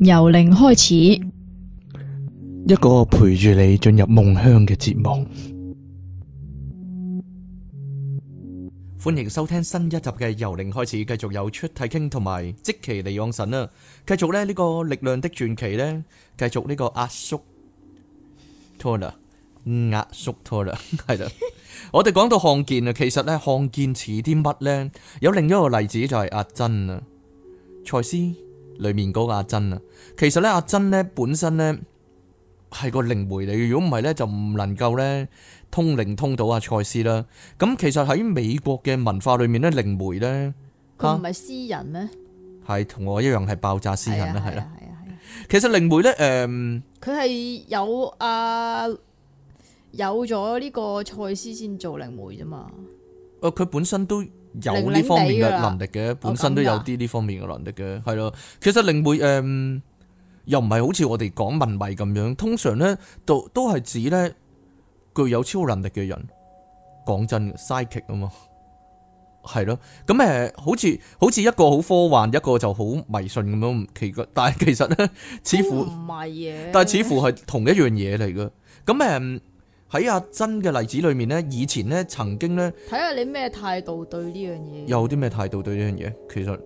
由零開始，一個陪住你進入夢鄉嘅節目，歡迎收聽新一集嘅由零開始，繼續有出體傾同埋積奇利盎神啊！繼續咧呢個力量的傳奇呢，繼續呢個壓縮 Tonal，壓縮 Tonal 係啦。 我哋講到看見啊，其實呢看見似啲乜呢？有另一個例子就係阿珍啊，蔡思。裏面嗰個阿珍啊，其實咧阿珍咧本身咧係個靈媒嚟嘅，如果唔係咧就唔能夠咧通靈通到阿賽斯啦。咁其實喺美國嘅文化裏面咧，靈媒咧，佢唔係詩人咩？係同我一樣係爆炸詩人啦，係啦，係啊係。其實靈媒咧，誒，佢係有啊有咗呢個賽斯先做靈媒啫嘛。誒，佢本身都。有呢方面嘅能力嘅，本身都有啲呢方面嘅能力嘅，係咯、啊。其實靈媒誒，又唔係好似我哋講文迷咁樣，通常咧都都係指咧具有超能力嘅人。講真嘅，Psychic 啊嘛，係咯。咁、嗯、誒、呃，好似好似一個好科幻，一個就好迷信咁樣奇怪。但係其實咧，似乎唔係嘅，但係似乎係同一樣嘢嚟嘅。咁、嗯、誒。呃喺阿珍嘅例子裏面呢，以前呢曾經呢，睇下你咩態度對呢樣嘢，有啲咩態度對呢樣嘢。其實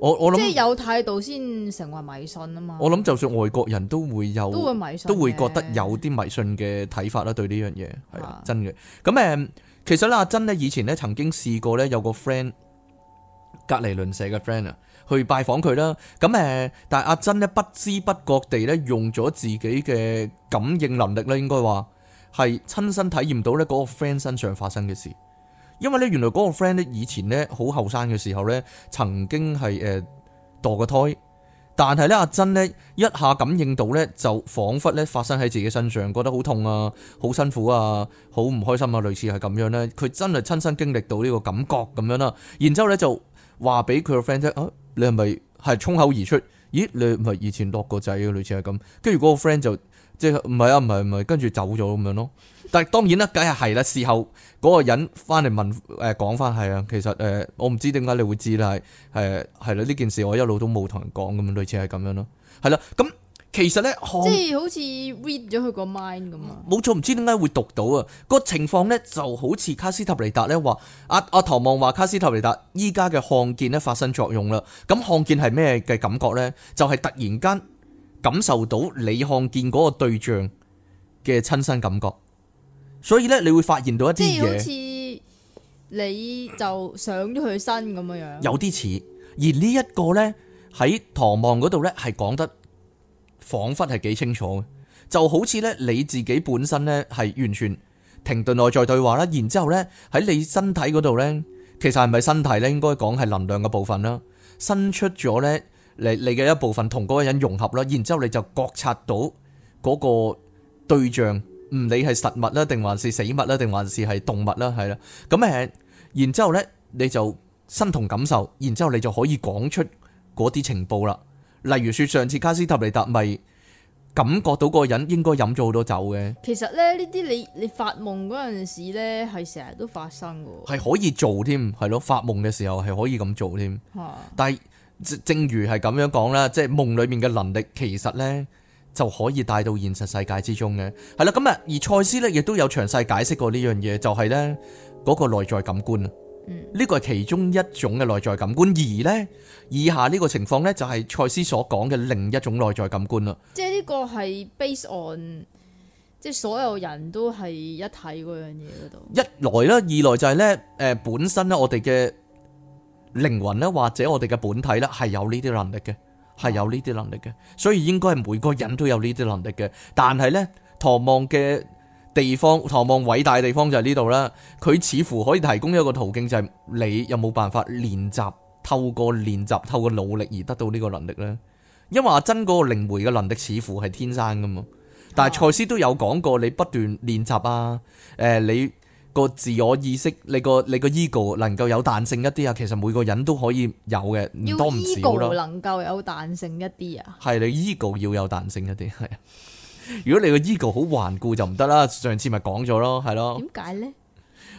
我我諗即係有態度先成為迷信啊嘛。我諗就算外國人都會有都會迷信，都會覺得有啲迷信嘅睇法啦。對呢樣嘢係真嘅咁誒，其實咧阿珍呢以前咧曾經試過呢，有個 friend 隔籬鄰舍嘅 friend 啊去拜訪佢啦。咁誒，但係阿珍呢，不知不覺地呢，用咗自己嘅感應能力呢，應該話。係親身體驗到呢嗰個 friend 身上發生嘅事，因為呢原來嗰個 friend 呢以前呢好後生嘅時候呢曾經係誒墮個胎，但係呢阿珍呢一下感應到呢就彷彿呢發生喺自己身上，覺得好痛啊，好辛苦啊，好唔開心啊，類似係咁樣呢。佢真係親身經歷到呢個感覺咁樣啦。然之後呢就話俾佢個 friend 聽，啊你係咪係衝口而出？咦你唔係以前落過仔嘅，類似係咁。跟住嗰個 friend 就。即係唔係啊？唔係唔係，跟住走咗咁樣咯。但係當然啦，梗係係啦。事後嗰、那個人翻嚟問誒講翻係啊。其實誒、呃，我唔知點解你會知啦。係誒係啦，呢件事我一路都冇同人講咁樣，類似係咁樣咯。係啦，咁、嗯、其實咧，即係好似 read 咗佢個 mind 咁啊。冇錯，唔知點解會讀到啊？個情況咧就好似卡斯塔尼達咧話，阿阿唐望話卡斯塔尼達依家嘅看見咧發生作用啦。咁看見係咩嘅感覺咧？就係、是、突然間。感受到你看見嗰個對象嘅親身感覺，所以咧你會發現到一啲嘢，即係好似你就上咗佢身咁樣樣，有啲似。而呢一個咧喺唐望嗰度咧係講得仿佛係幾清楚嘅，就好似咧你自己本身咧係完全停頓內在對話啦，然之後咧喺你身體嗰度咧，其實係咪身體咧應該講係能量嘅部分啦，伸出咗咧。你你嘅一部分同嗰個人融合啦，然之後你就覺察到嗰個對象，唔理係實物啦，定還是死物啦，定還是係動物啦，係啦。咁誒，然之後呢，你就身同感受，然之後你就可以講出嗰啲情報啦。例如説上次卡斯塔尼達咪感覺到嗰個人應該飲咗好多酒嘅。其實咧呢啲你你發夢嗰陣時咧係成日都發生㗎。係可以做添，係咯？發夢嘅時候係可以咁做添。嚇！但係。正如係咁樣講啦，即係夢裏面嘅能力，其實呢就可以帶到現實世界之中嘅。係啦，咁啊，而賽斯呢亦都有詳細解釋過呢樣嘢，就係呢嗰個內在感官啊。嗯，呢個係其中一種嘅內在感官，而呢以下呢個情況呢，就係賽斯所講嘅另一種內在感官啦。即係呢個係 base on，即係所有人都係一體嗰樣嘢嗰度一來啦，二來就係呢誒，本身呢，我哋嘅。靈魂咧，或者我哋嘅本體咧，係有呢啲能力嘅，係有呢啲能力嘅，所以應該係每個人都有呢啲能力嘅。但係呢，唐望嘅地方，唐望偉大嘅地方就係呢度啦。佢似乎可以提供一個途徑，就係你有冇辦法練習，透過練習，透過努力而得到呢個能力呢？因為阿真嗰個靈媒嘅能力似乎係天生噶嘛，但係賽斯都有講過，你不斷練習啊，誒、呃、你。個自我意識，你個你個 ego 能夠有彈性一啲啊，其實每個人都可以有嘅，唔、e、多唔少咯。要 ego 能夠有彈性一啲啊，係你 ego 要有彈性一啲係。 如果你個 ego 好頑固就唔得啦，上次咪講咗咯，係咯。點解咧？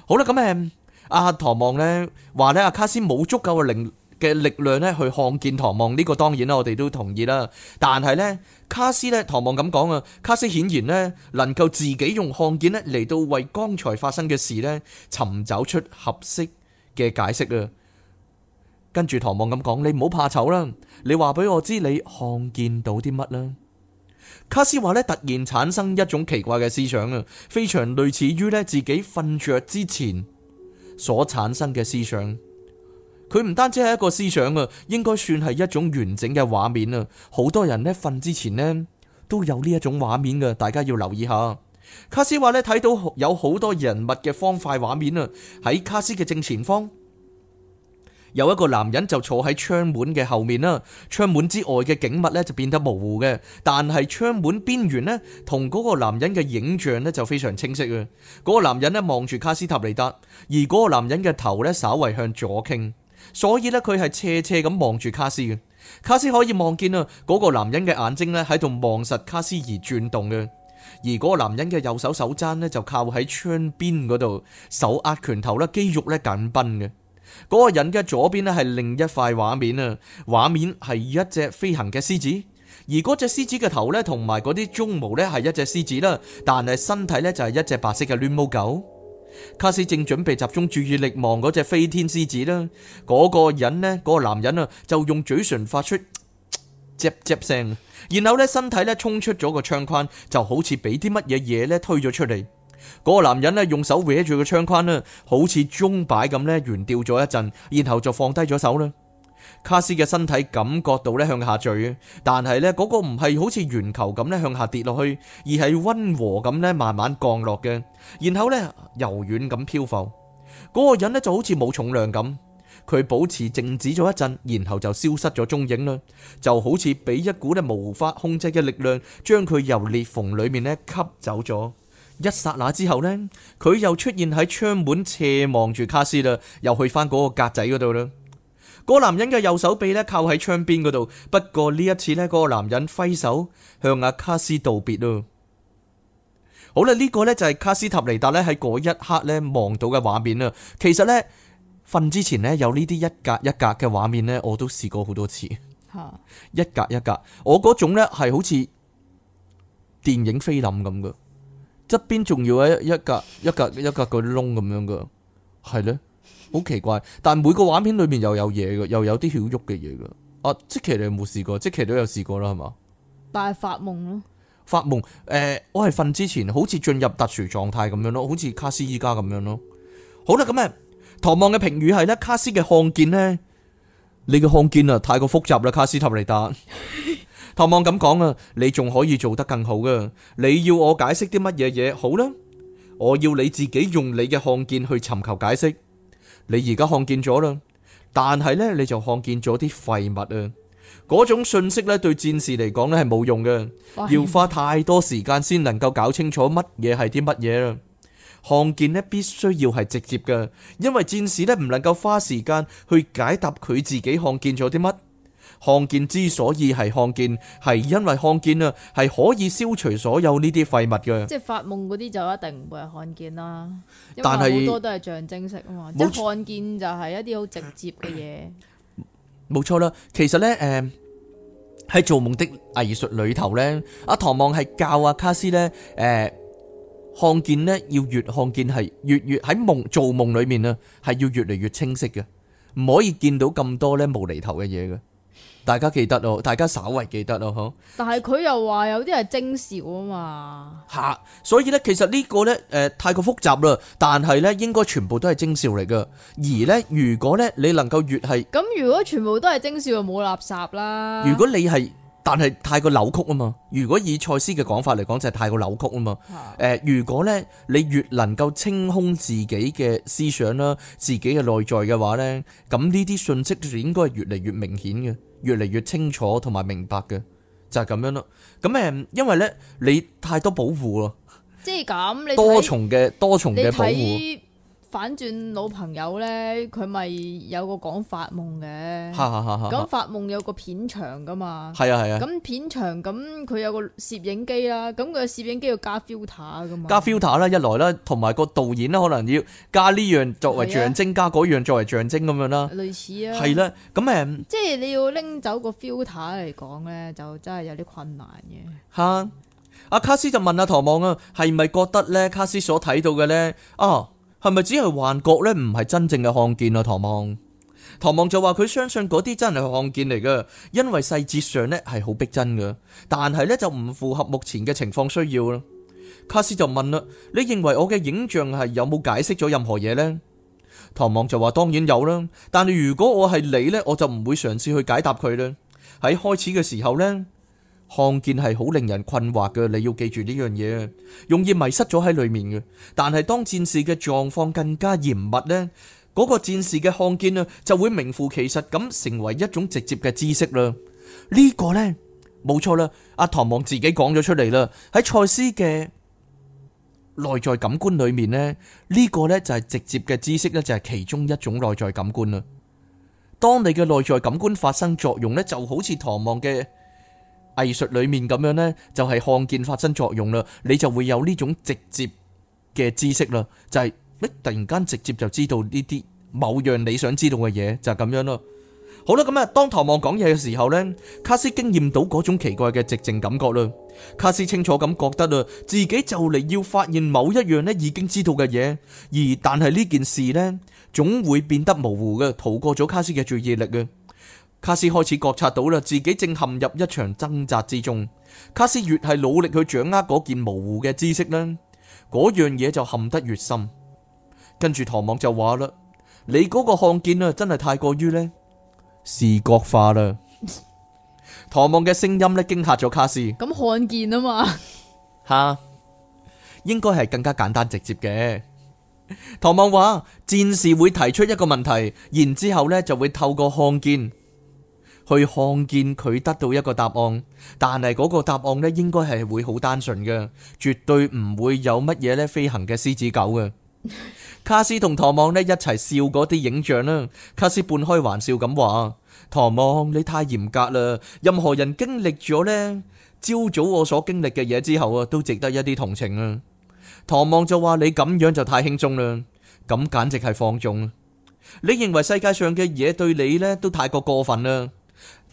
好啦，咁、嗯、啊阿唐望咧話咧阿卡斯冇足夠嘅靈嘅力量咧，去看見唐望呢，個當然啦，我哋都同意啦。但係呢，卡斯呢，唐望咁講啊，卡斯顯然呢能夠自己用看見呢嚟到為剛才發生嘅事呢尋找出合適嘅解釋啊。跟住唐望咁講，你唔好怕醜啦，你話俾我知你看見到啲乜啦。卡斯話呢，突然產生一種奇怪嘅思想啊，非常類似於呢自己瞓着之前所產生嘅思想。佢唔單止係一個思想啊，應該算係一種完整嘅畫面啊！好多人呢瞓之前呢都有呢一種畫面嘅，大家要留意下。卡斯話呢，睇到有好多人物嘅方塊畫面啊！喺卡斯嘅正前方有一個男人就坐喺窗門嘅後面啦，窗門之外嘅景物呢就變得模糊嘅，但係窗門邊緣呢同嗰個男人嘅影像呢就非常清晰啊！嗰、那個男人呢望住卡斯塔尼達，而嗰個男人嘅頭呢稍微向左傾。所以呢，佢係斜斜咁望住卡斯嘅。卡斯可以望見啊，嗰個男人嘅眼睛呢喺度望實卡斯而轉動嘅。而嗰個男人嘅右手手踭呢就靠喺窗邊嗰度，手握拳頭啦，肌肉呢緊繃嘅。嗰個人嘅左邊呢係另一塊畫面啊，畫面係一隻飛行嘅獅子，而嗰隻獅子嘅頭呢同埋嗰啲鬃毛呢係一隻獅子啦，但係身體呢就係一隻白色嘅攣毛狗。卡斯正準備集中注意力望嗰隻飛天獅子啦，嗰個人呢，嗰個男人啊，就用嘴唇發出嘖嘖聲，然後咧身體咧衝出咗個窗框，就好似俾啲乜嘢嘢咧推咗出嚟。嗰個男人呢，用手搲住個窗框呢，好似鐘擺咁咧懸吊咗一陣，然後就放低咗手啦。卡斯嘅身體感覺到咧向下墜，但係咧嗰個唔係好似圓球咁咧向下跌落去，而係溫和咁咧慢慢降落嘅，然後咧柔軟咁漂浮。嗰個人咧就好似冇重量咁，佢保持靜止咗一陣，然後就消失咗蹤影啦，就好似俾一股咧無法控制嘅力量將佢由裂縫裏面咧吸走咗。一剎那之後呢，佢又出現喺窗門斜望住卡斯啦，又去翻嗰個格仔嗰度啦。個男人嘅右手臂咧靠喺窗邊嗰度，不過呢一次咧，嗰個男人揮手向阿卡斯道別咯。好啦，呢個咧就係卡斯塔尼達咧喺嗰一刻咧望到嘅畫面啦。其實咧瞓之前咧有呢啲一格一格嘅畫面咧，我都試過好多次。吓，一格一格，我嗰種咧係好似電影菲林咁噶，側邊仲要一一格一格一格個窿咁樣噶，係咧。好奇怪，但係每個畫面裏面又有嘢嘅，又有啲曉喐嘅嘢噶。啊，即其你有冇試過？即其都有試過啦，係嘛？但係發夢咯，發夢。誒，我係瞓之前，好似進入特殊狀態咁樣咯，好似卡斯依家咁樣咯。好啦，咁啊，唐望嘅評語係呢，卡斯嘅看見呢，你嘅看見啊太過複雜啦，卡斯塔尼達。唐望咁講啊，你仲可以做得更好噶。你要我解釋啲乜嘢嘢？好啦，我要你自己用你嘅看見去尋求解釋。你而家看見咗啦，但係咧你就看見咗啲廢物啊！嗰種信息咧對戰士嚟講咧係冇用嘅，哇要花太多時間先能夠搞清楚乜嘢係啲乜嘢啦。 看見呢，必須要係直接嘅，因為戰士咧唔能夠花時間去解答佢自己看見咗啲乜。看見之所以係看見，係因為看見啊，係可以消除所有呢啲廢物嘅。即係發夢嗰啲就一定唔會係看見啦。但係好多都係象徵式啊嘛，即係看見就係一啲好直接嘅嘢。冇錯啦，其實咧，誒喺做夢的藝術裏頭咧，阿唐望係教阿卡斯咧，誒看見咧要越看見係越越喺夢做夢裏面啊，係要越嚟越清晰嘅，唔可以見到咁多咧無厘頭嘅嘢嘅。大家記得咯，大家稍為記得咯，嚇。但係佢又話有啲係徵兆啊嘛，嚇、啊。所以咧，其實個呢個咧，誒、呃，太過複雜啦。但係咧，應該全部都係徵兆嚟噶。而咧，如果咧你能夠越係咁、嗯，如果全部都係徵兆，就冇垃圾啦。如果你係，但係太過扭曲啊嘛。如果以賽斯嘅講法嚟講，就係太過扭曲啊嘛。誒、呃，如果咧你越能夠清空自己嘅思想啦，自己嘅內在嘅話咧，咁呢啲訊息就應該係越嚟越明顯嘅。越嚟越清楚同埋明白嘅，就係咁樣咯。咁誒，因為咧你太多保護咯，即係咁，你多重嘅多重嘅保護。反轉老朋友咧，佢咪有個講法夢嘅咁，法夢有個片場噶嘛？係啊係啊。咁、啊、片場咁佢有個攝影機啦，咁個攝影機要加 filter 噶嘛？加 filter 啦，一來啦，同埋個導演啦，可能要加呢樣作為象徵，啊、加嗰樣作為象徵咁樣啦。啊、類似啊。係啦、啊，咁誒，即係你要拎走個 filter 嚟講咧，就真係有啲困難嘅吓？阿、啊、卡斯就問阿唐望啊，係咪覺得咧卡斯所睇到嘅咧啊？係咪只係幻覺呢？唔係真正嘅看見啊！唐望，唐望就話佢相信嗰啲真係看見嚟噶，因為細節上呢係好逼真噶，但係呢就唔符合目前嘅情況需要啦。卡斯就問啦：「你認為我嘅影像係有冇解釋咗任何嘢呢？」唐望就話：當然有啦，但係如果我係你呢，我就唔會嘗試去解答佢啦。喺開始嘅時候呢。看見係好令人困惑嘅，你要記住呢樣嘢，容易迷失咗喺裏面嘅。但係當戰士嘅狀況更加嚴密咧，嗰個戰士嘅看見咧就會名副其實咁成為一種直接嘅知識啦。呢個咧，冇錯啦，阿唐望自己講咗出嚟啦。喺賽斯嘅內在感官裏面咧，呢個咧就係直接嘅知識咧，就係其中一種內在感官啦。當你嘅內在感官發生作用咧，就好似唐望嘅。藝術裏面咁樣咧，就係看見發生作用啦，你就會有呢種直接嘅知識啦，就係你突然間直接就知道呢啲某樣你想知道嘅嘢，就係咁樣咯。好啦，咁啊，當唐望講嘢嘅時候咧，卡斯經驗到嗰種奇怪嘅寂靜感覺啦，卡斯清楚咁覺得啦，自己就嚟要發現某一樣咧已經知道嘅嘢，而但係呢件事咧總會變得模糊嘅，逃過咗卡斯嘅注意力嘅。卡斯開始覺察到啦，自己正陷入一場掙扎之中。卡斯越係努力去掌握嗰件模糊嘅知識，呢嗰樣嘢就陷得越深。跟住唐望就話啦：你嗰個看見啊，真係太過於咧，視覺化啦。唐望嘅聲音咧驚嚇咗卡斯。咁看見啊嘛吓，應該係更加簡單直接嘅。唐望話：戰士會提出一個問題，然之後咧就會透過看見。去看見佢得到一個答案，但係嗰個答案呢，應該係會好單純嘅，絕對唔會有乜嘢呢，飛行嘅獅子狗嘅。 卡斯同唐望呢一齊笑嗰啲影像啦。卡斯半開玩笑咁話：唐望你太嚴格啦。任何人經歷咗呢朝早我所經歷嘅嘢之後啊，都值得一啲同情啊。唐望就話：你咁樣就太輕鬆啦，咁簡直係放縱。你認為世界上嘅嘢對你呢都太過過分啦。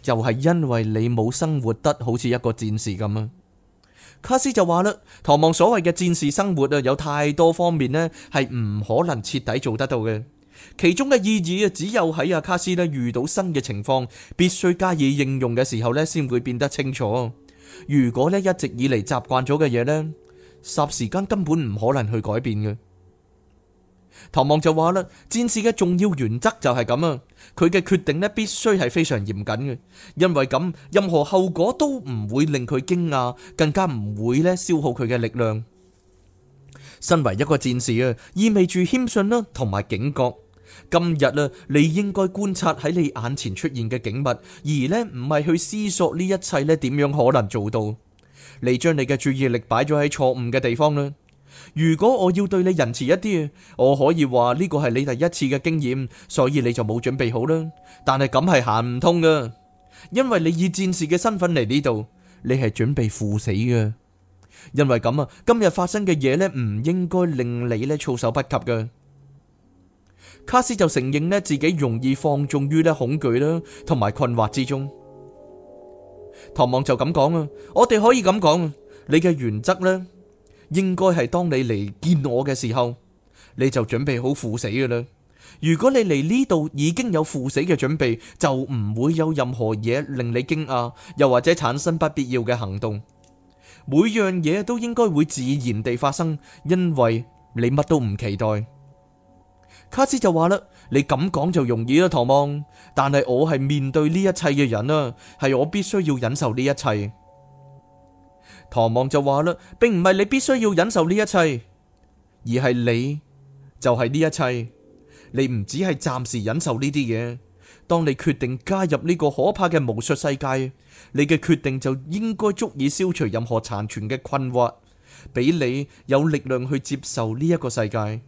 又係因為你冇生活得好似一個戰士咁啊！卡斯就話啦，唐望所謂嘅戰士生活啊，有太多方面咧係唔可能徹底做得到嘅。其中嘅意義啊，只有喺阿卡斯咧遇到新嘅情況，必須加以應用嘅時候咧，先會變得清楚。如果咧一直以嚟習慣咗嘅嘢呢，霎時間根本唔可能去改變嘅。唐望就話啦，戰士嘅重要原則就係咁啊！佢嘅決定咧，必須係非常嚴謹嘅，因為咁任何後果都唔會令佢驚訝，更加唔會咧消耗佢嘅力量。身為一個戰士啊，意味住謙遜啦，同埋警覺。今日啊，你應該觀察喺你眼前出現嘅景物，而咧唔係去思索呢一切咧點樣可能做到。你將你嘅注意力擺咗喺錯誤嘅地方啦。如果我要對你仁慈一啲，我可以話呢個係你第一次嘅經驗，所以你就冇準備好啦。但係咁係行唔通噶，因為你以戰士嘅身份嚟呢度，你係準備赴死噶。因為咁啊，今日發生嘅嘢呢，唔應該令你呢措手不及噶。卡斯就承認呢自己容易放縱於呢恐懼啦，同埋困惑之中。唐望就咁講啊，我哋可以咁講啊，你嘅原則呢，應該係當你嚟見我嘅時候，你就準備好赴死㗎啦。如果你嚟呢度已經有赴死嘅準備，就唔會有任何嘢令你驚訝，又或者產生不必要嘅行動。每樣嘢都應該會自然地發生，因為你乜都唔期待。卡斯就話啦，你咁講就容易啦，唐望。但係我係面對呢一切嘅人呀，係我必須要忍受呢一切。唐望就話啦，並唔係你必須要忍受呢一切，而係你就係呢一切。你唔只係暫時忍受呢啲嘢，當你決定加入呢個可怕嘅巫術世界，你嘅決定就應該足以消除任何殘存嘅困惑，俾你有力量去接受呢一個世界。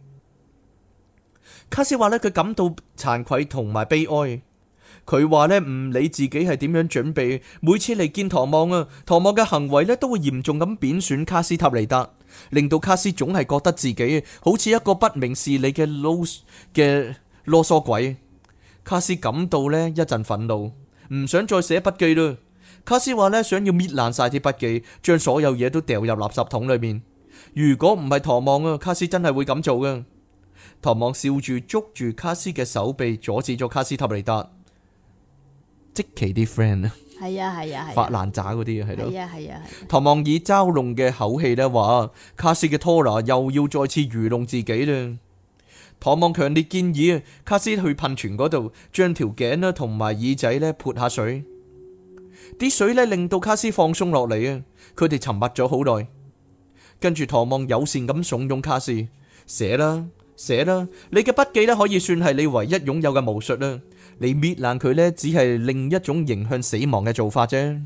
卡斯話呢，佢感到慚愧同埋悲哀。佢話呢，唔理自己係點樣準備，每次嚟見唐望啊，唐望嘅行為呢都會嚴重咁貶損卡斯塔尼達，令到卡斯總係覺得自己好似一個不明事理嘅老嘅囉嗦鬼。卡斯感到呢一陣憤怒，唔想再寫筆記啦。卡斯話呢，想要搣爛晒啲筆記，將所有嘢都掉入垃圾桶裏面。如果唔係唐望啊，卡斯真係會咁做㗎。唐望笑住捉住卡斯嘅手臂，阻止咗卡斯塔尼達。即其啲 friend 啊，係啊係啊係，發爛渣啲啊係咯，係啊係啊係。啊唐望以嘲弄嘅口氣咧話：卡斯嘅拖拿又要再次愚弄自己啦。唐望強烈建議啊卡斯去噴泉嗰度將條頸咧同埋耳仔咧潑下水，啲水咧令到卡斯放鬆落嚟啊。佢哋沉默咗好耐，跟住唐望友善咁慫恿卡斯寫啦寫啦，你嘅筆記咧可以算係你唯一擁有嘅巫術啦。你搣爛佢呢，只係另一種迎向死亡嘅做法啫。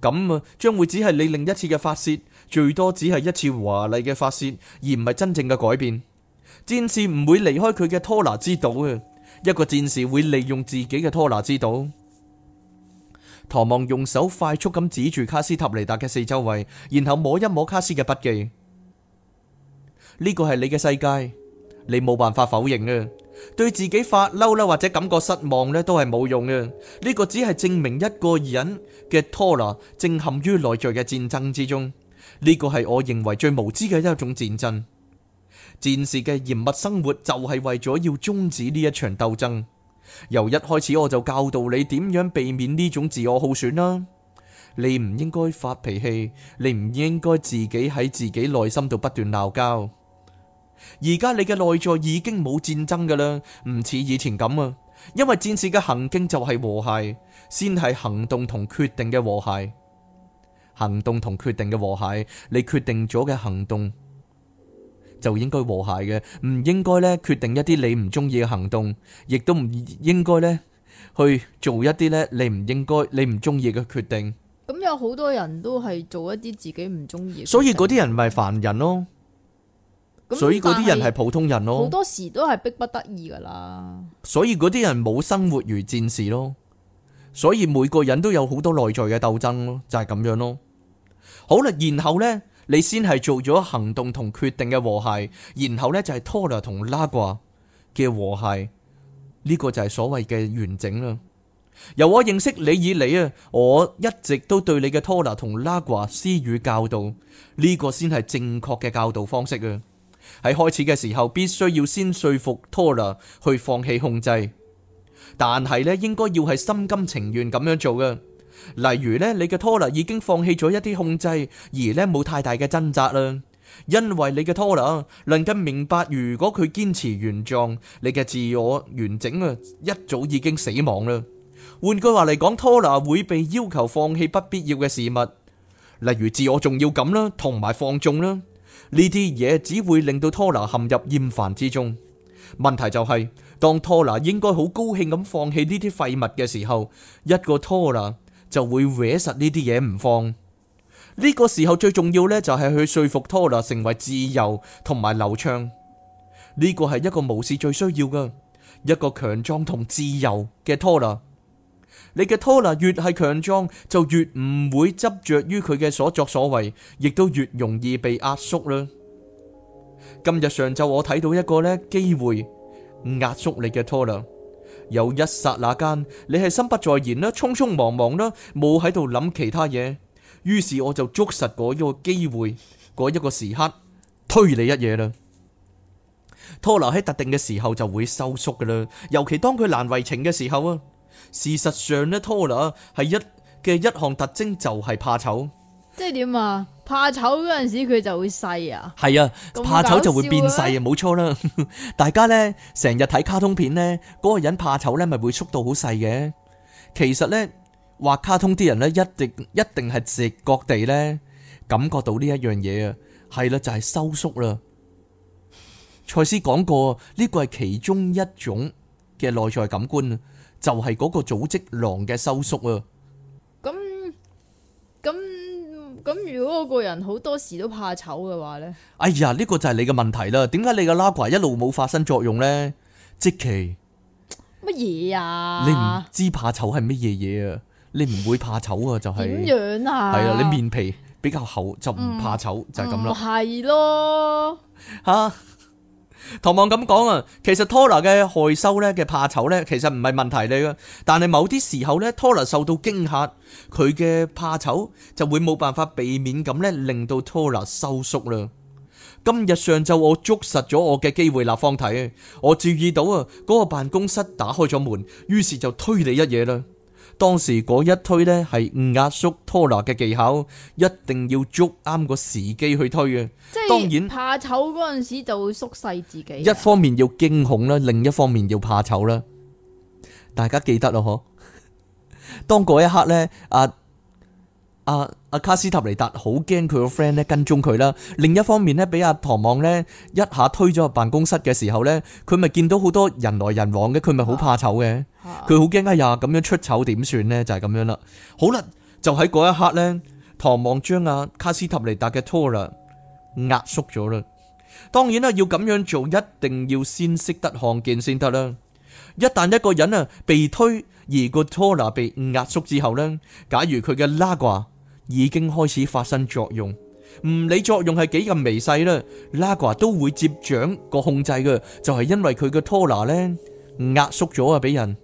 咁啊，將會只係你另一次嘅發洩，最多只係一次華麗嘅發洩，而唔係真正嘅改變。戰士唔會離開佢嘅拖拿之島啊！一個戰士會利用自己嘅拖拿之島。唐望用手快速咁指住卡斯塔尼達嘅四周圍，然後摸一摸卡斯嘅筆記。呢個係你嘅世界，你冇辦法否認啊！對自己發嬲啦，或者感覺失望呢，都係冇用嘅。呢個只係證明一個人嘅 Tonal 正陷於內在嘅戰爭之中。呢個係我認為最無知嘅一種戰爭。戰士嘅嚴密生活就係為咗要終止呢一場鬥爭。由一開始我就教導你點樣避免呢種自我耗損啦。你唔應該發脾氣，你唔應該自己喺自己內心度不斷鬧交。而家你嘅內在已經冇戰爭噶啦，唔似以前咁啊。因為戰士嘅行徑就係和諧，先係行動同決定嘅和諧，行動同決定嘅和諧。你決定咗嘅行動就應該和諧嘅，唔應該呢決定一啲你唔中意嘅行動，亦都唔應該呢去做一啲呢你唔應該、你唔中意嘅決定。咁有好多人都係做一啲自己唔中意，所以嗰啲人咪係凡人咯。所以嗰啲人係普通人咯，好多時都係逼不得已噶啦。所以嗰啲人冇生活如戰士咯，所以每個人都有好多內在嘅鬥爭咯，就係、是、咁樣咯。好啦，然後呢，你先係做咗行動同決定嘅和諧，然後呢，就係拖拉同拉掛嘅和諧，呢、這個就係所謂嘅完整啦。由我認識你以嚟啊，我一直都對你嘅 t o 拖拉同拉掛施予教導，呢、這個先係正確嘅教導方式啊。喺開始嘅時候，必須要先說服 Tonal 去放棄控制，但係呢，應該要係心甘情願咁樣做嘅。例如呢，你嘅 Tonal 已經放棄咗一啲控制，而呢冇太大嘅掙扎啦，因為你嘅 Tonal 能夠明白，如果佢堅持原狀，你嘅自我完整啊一早已經死亡啦。換句話嚟講，Tonal 會被要求放棄不必要嘅事物，例如自我重要感啦，同埋放縱啦。呢啲嘢只會令到拖拿陷入厭煩之中。問題就係、是，當拖拿應該好高興咁放棄呢啲廢物嘅時候，一個拖拿就會搲實呢啲嘢唔放。呢、這個時候最重要呢，就係去說服拖拿成為自由同埋流暢。呢個係一個武士最需要嘅，一個強壯同自由嘅拖拿。你嘅拖拉越係強壯，就越唔會執着於佢嘅所作所為，亦都越容易被壓縮啦。今日上晝我睇到一個咧機會壓縮你嘅拖拉，有一剎那間你係心不在焉啦，匆匆忙忙啦，冇喺度諗其他嘢，於是我就捉實嗰一個機會，嗰一個時刻推你一嘢啦。拖拉喺特定嘅時候就會收縮噶啦，尤其當佢難為情嘅時候啊！事實上咧，Tonal 係一嘅一項特徵就係怕醜。即係點啊？怕醜嗰陣時佢就會細啊。係啊，怕醜就會變細啊，冇錯啦。大家咧成日睇卡通片咧，嗰個人怕醜咧咪會速度好細嘅。其實咧畫卡通啲人咧一定一定係直覺地咧感覺到呢一樣嘢啊。係啦，就係收縮啦。賽斯講過呢個係其中一種嘅內在感官啊！就係嗰個組織狼嘅收縮啊！咁咁咁，如果我個人好多時都怕醜嘅話咧，哎呀，呢、這個就係你嘅問題啦！點解你嘅拉軌一路冇發生作用咧？即其乜嘢啊？你唔知怕醜係乜嘢嘢啊？你唔會怕醜啊？就係、是、點樣啊？係啊，你面皮比較厚就唔怕醜、嗯、就係咁咯，係咯，吓、啊？唐望咁講啊，其實 Tonal 嘅害羞呢、嘅怕醜呢，其實唔係問題嚟噶，但係某啲時候呢 Tonal 受到驚嚇，佢嘅怕醜就會冇辦法避免，咁呢，令到 Tonal 收縮啦。今日上晝我捉實咗我嘅機會立方體，我注意到啊，嗰個辦公室打開咗門，於是就推你一嘢啦。當時嗰一推咧，係唔壓縮拖拿嘅技巧，一定要捉啱個時機去推嘅。即係當然怕醜嗰陣時就會縮細自己。一方面要驚恐啦，另一方面要怕醜啦。大家記得咯，嗬。當嗰一刻咧，阿阿阿卡斯塔尼達好驚佢個 friend 咧跟蹤佢啦。另一方面咧，俾阿唐望咧一下推咗入個辦公室嘅時候咧，佢咪見到好多人來人往嘅，佢咪好怕醜嘅。佢好驚呀，咁樣出醜，點算呢？就係咁樣啦。好啦，就喺嗰一刻呢，唐望將阿卡斯塔尼達嘅拖拉壓縮咗啦。當然啦，要咁樣做，一定要先識得看見先得啦。一旦一個人啊被推，而個拖拉被壓縮之後呢，假如佢嘅拉掛已經開始發生作用，唔理作用係幾咁微細啦，拉掛都會接掌個控制嘅，就係因為佢嘅拖拉呢壓縮咗啊，俾人。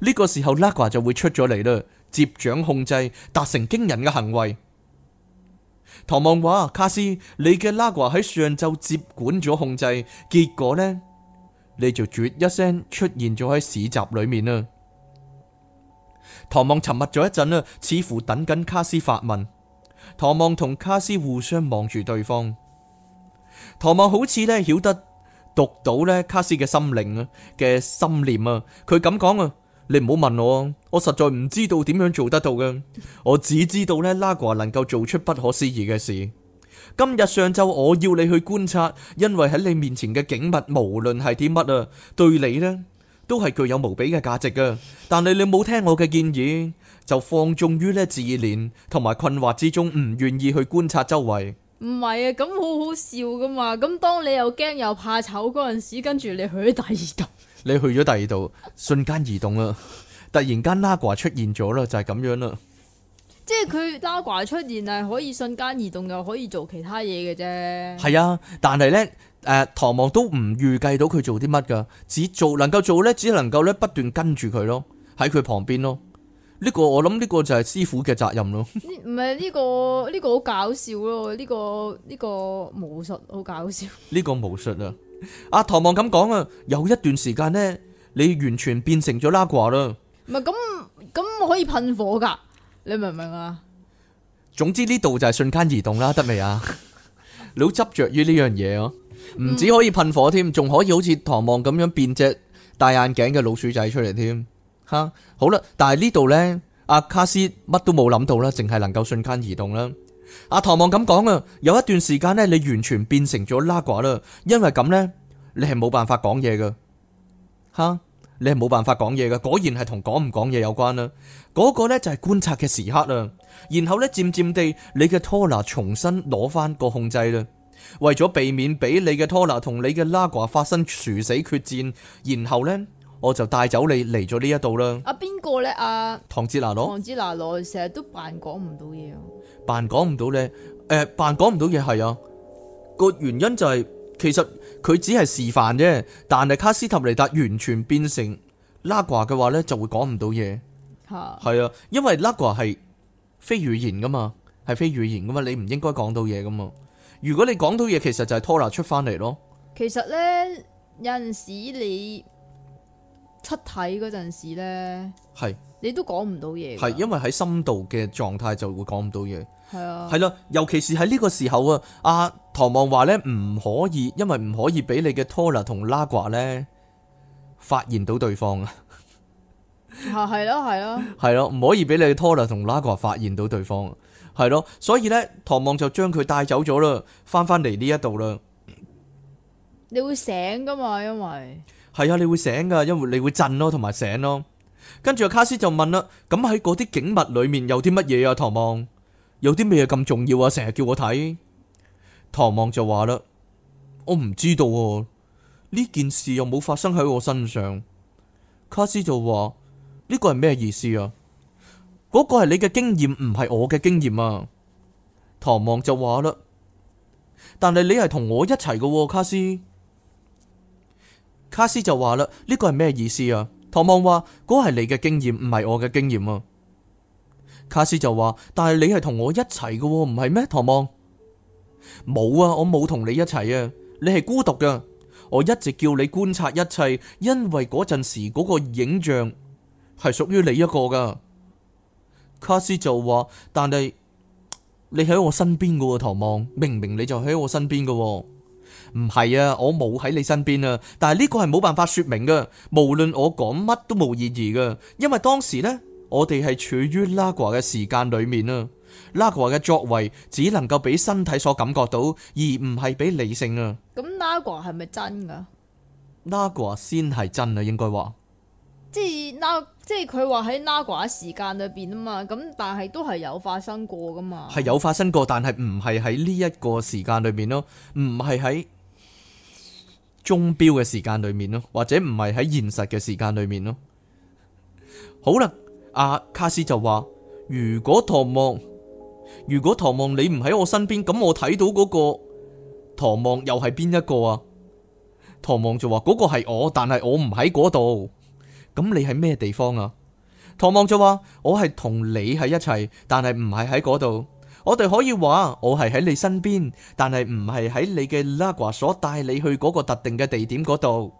呢個時候拉瓜就會出咗嚟啦，接掌控制，達成驚人嘅行為。唐望話：卡斯，你嘅拉瓜喺上晝接管咗控制，結果呢，你就啜一聲出現咗喺市集裏面啦。唐望沉默咗一陣啦，似乎等緊卡斯發問。唐望同卡斯互相望住對方，唐望好似呢，曉得讀到呢卡斯嘅心靈啊嘅心念啊，佢咁講啊。你唔好問我，我實在唔知道點樣做得到嘅。我只知道咧，拉格能夠做出不可思議嘅事。今日上晝我要你去觀察，因為喺你面前嘅景物，無論係啲乜啊，對你咧都係具有無比嘅價值㗎。但係你冇聽我嘅建議，就放縱於咧自憐同埋困惑之中，唔願意去觀察周圍。唔係啊，咁好好笑噶嘛？咁當你又驚又怕醜嗰陣時，跟住你去咗第二度。你去咗第二度，瞬間移動啦，突然間拉掛出現咗啦，就係、是、咁樣啦。即係佢拉掛出現係可以瞬間移動，又可以做其他嘢嘅啫。係啊，但係咧，誒、呃，唐望都唔預計到佢做啲乜噶，只做能夠做咧，只能夠咧不斷跟住佢咯，喺佢旁邊咯。呢、這個我諗呢個就係師傅嘅責任咯。唔係呢個呢、這個好搞笑咯，呢個呢個巫術好搞笑。呢、這個巫術、這個、 啊。阿唐、啊、望咁講啊，有一段時間呢，你完全變成咗拉掛啦。唔係咁咁可以噴火噶，你明唔明 不 啊？總之呢度就係瞬間移動啦，得未啊？你好執着於呢樣嘢哦，唔止可以噴火添，仲可以好似唐望咁樣變隻戴眼鏡嘅老鼠仔出嚟添。吓、啊，好啦，但係呢度呢，阿、啊、卡斯乜都冇諗到啦，淨係能夠瞬間移動啦。阿唐望咁講啊，有一段時間呢，你完全變成咗拉掛啦，因為咁呢，你係冇辦法講嘢噶，吓，你係冇辦法講嘢噶，果然係同講唔講嘢有關啦。嗰個呢，就係觀察嘅時刻啊，然後呢，漸漸地，你嘅拖拿重新攞翻個控制啦，為咗避免俾你嘅拖拿同你嘅拉掛發生殊死決戰，然後呢……我就帶走你嚟咗、啊、呢一度啦。阿邊個咧？啊，唐杰娜羅。唐杰娜羅成日都扮講唔到嘢啊。扮講唔到咧？誒、呃，扮講唔到嘢係啊。個原因就係、是、其實佢只係示範啫。但係卡斯塔尼達完全變成拉 a 嘅話咧，就會講唔到嘢。係啊的，因為拉 a 係非語言噶嘛，係非語言噶嘛，你唔應該講到嘢噶嘛。如果你講到嘢，其實就係拖拉出翻嚟咯。其實咧，有陣時你。出體嗰陣時呢，係是你都講唔到嘢，係因為喺深度嘅狀態就會講唔到嘢，係啊，係啦、啊，尤其是喺呢個時候啊，阿唐望話呢唔可以，因為唔可以俾你嘅拖勒同拉掛呢發現到對方啊，係咯係咯，係咯，唔可以俾你嘅拖勒同拉掛發現到對方，係咯、啊啊啊 啊啊，所以呢，唐望就將佢帶走咗啦，翻返嚟呢一度啦，你會醒噶嘛，因為。係啊，你會醒噶，因為你會震咯，同埋醒咯。跟住阿卡斯就問啦，咁喺嗰啲景物裏面有啲乜嘢啊？唐望有啲咩咁重要啊？成日叫我睇。唐望就話啦，我唔知道喎，啊，呢件事又冇發生喺我身上。卡斯就話，呢個係咩意思啊？嗰個係你嘅經驗，唔係我嘅經驗啊。唐望就話啦，但係你係同我一齊噶，啊，卡斯。卡斯就話啦，呢個係咩意思啊？唐望話：嗰係你嘅經驗，唔係我嘅經驗啊。卡斯就話：但係你係同我一齊嘅喎，唔係咩？唐望冇啊，我冇同你一齊啊，你係孤獨嘅。我一直叫你觀察一切，因為嗰陣時嗰個影像係屬於你一個嘅。卡斯就話：但係你喺我身邊嘅喎，唐望，明明你就喺我身邊嘅喎。唔係啊，我冇喺你身邊啊，但係呢個係冇辦法說明噶。無論我講乜都冇意義噶，因為當時呢，我哋係處於拉華嘅時間裏面啊。拉華嘅作為只能夠俾身體所感覺到，而唔係俾理性啊。咁拉華係咪真噶？拉華先係真啊，應該話。即係拉，即係佢話喺拉華嘅時間裏邊啊嘛。咁但係都係有發生過噶嘛？係有發生過，但係唔係喺呢一個時間裏面咯，唔係喺。鐘錶嘅時間裡面咯，或者唔係喺現實嘅時間裡面咯。好啦，阿、啊、卡斯就話：如果唐望，如果唐望你唔喺我身邊，咁我睇到嗰個唐望又係邊一個啊？唐望就話：嗰、那個係我，但係我唔喺嗰度。咁你係咩地方啊？唐望就話：我係同你喺一齊，但係唔係喺嗰度。我哋可以話我係喺你身邊，但係唔係喺你嘅拉瓜所帶你去嗰個特定嘅地點嗰度。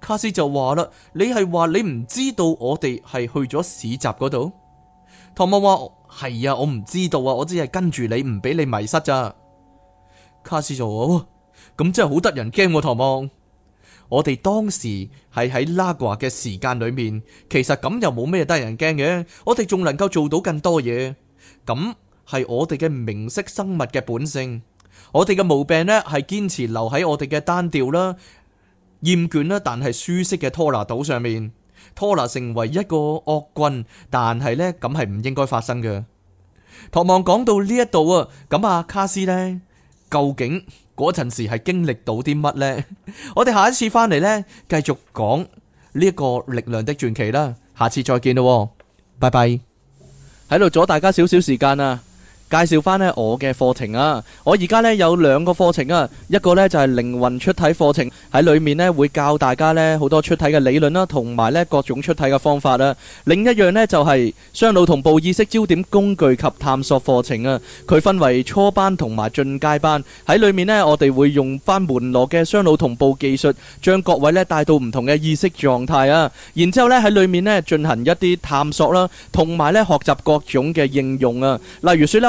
卡斯就話啦，你係話你唔知道我哋係去咗市集嗰度。唐望話係啊，我唔知道啊，我只係跟住你，唔俾你迷失咋。卡斯就話咁真係好得人驚。唐望，我哋當時係喺拉瓜嘅時間裏面，其實咁又冇咩得人驚嘅，我哋仲能夠做到更多嘢。咁係我哋嘅明識生物嘅本性，我哋嘅毛病呢係堅持留喺我哋嘅單調啦、厭倦啦，但係舒適嘅拖拿島上面，拖拿成為一個惡棍，但係呢，咁係唔應該發生嘅。唐望講到呢一度啊，咁阿卡斯呢，究竟嗰陣時係經歷到啲乜呢？ 我哋下一次翻嚟呢，繼續講呢一個力量的傳奇啦。下次再見囉，拜拜。喺度阻大家少少時間啊！介紹翻咧我嘅課程啊！我而家咧有兩個課程啊，一個咧就係靈魂出體課程，喺裡面咧會教大家咧好多出體嘅理論啦，同埋咧各種出體嘅方法啦。另一樣咧就係雙腦同步意識焦點工具及探索課程啊。佢分為初班同埋進階班，喺裡面咧我哋會用翻門羅嘅雙腦同步技術，將各位咧帶到唔同嘅意識狀態啊。然之後咧喺裡面咧進行一啲探索啦，同埋咧學習各種嘅應用啊。例如說咧。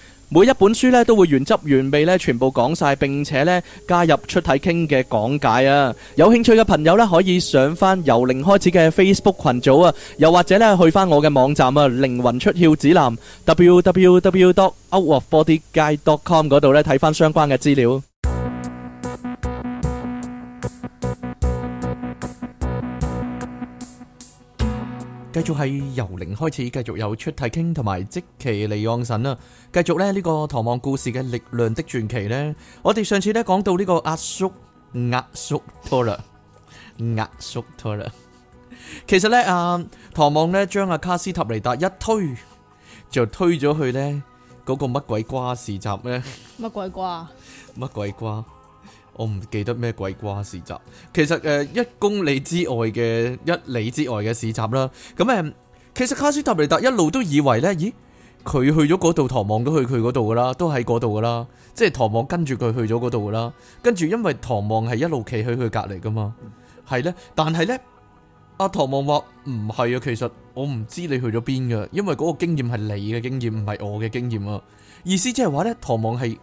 每一本書咧都會原汁原味咧全部講晒，並且咧加入出體傾嘅講解啊！有興趣嘅朋友咧可以上翻由零開始嘅 Facebook 群組啊，又或者咧去翻我嘅網站啊靈魂出竅指南 www.outofbodyguide.com 嗰度咧睇翻相關嘅資料。繼續係由零開始，繼續有出題傾同埋即期離岸神啦。繼續咧呢個《唐望故事》嘅力量的傳奇咧，我哋上次咧講到呢個壓縮，壓縮 Tonal，壓縮 Tonal。其實咧，阿唐望咧將阿卡斯塔尼達一推就推咗去咧嗰個乜鬼瓜市集咧，乜鬼瓜，乜鬼瓜。我唔記得咩鬼瓜市集，其實誒、呃、一公里之外嘅一里之外嘅市集啦，咁、嗯、誒其實卡斯塔尼達一路都以為咧，咦佢去咗嗰度，唐望都去佢嗰度噶啦，都喺嗰度噶啦，即係唐望跟住佢去咗嗰度噶啦，跟住因為唐望係一路企喺佢隔籬噶嘛，係咧，但係咧阿唐望話唔係啊，其實我唔知你去咗邊噶，因為嗰個經驗係你嘅經驗，唔係我嘅經驗啊，意思即係話咧唐望係。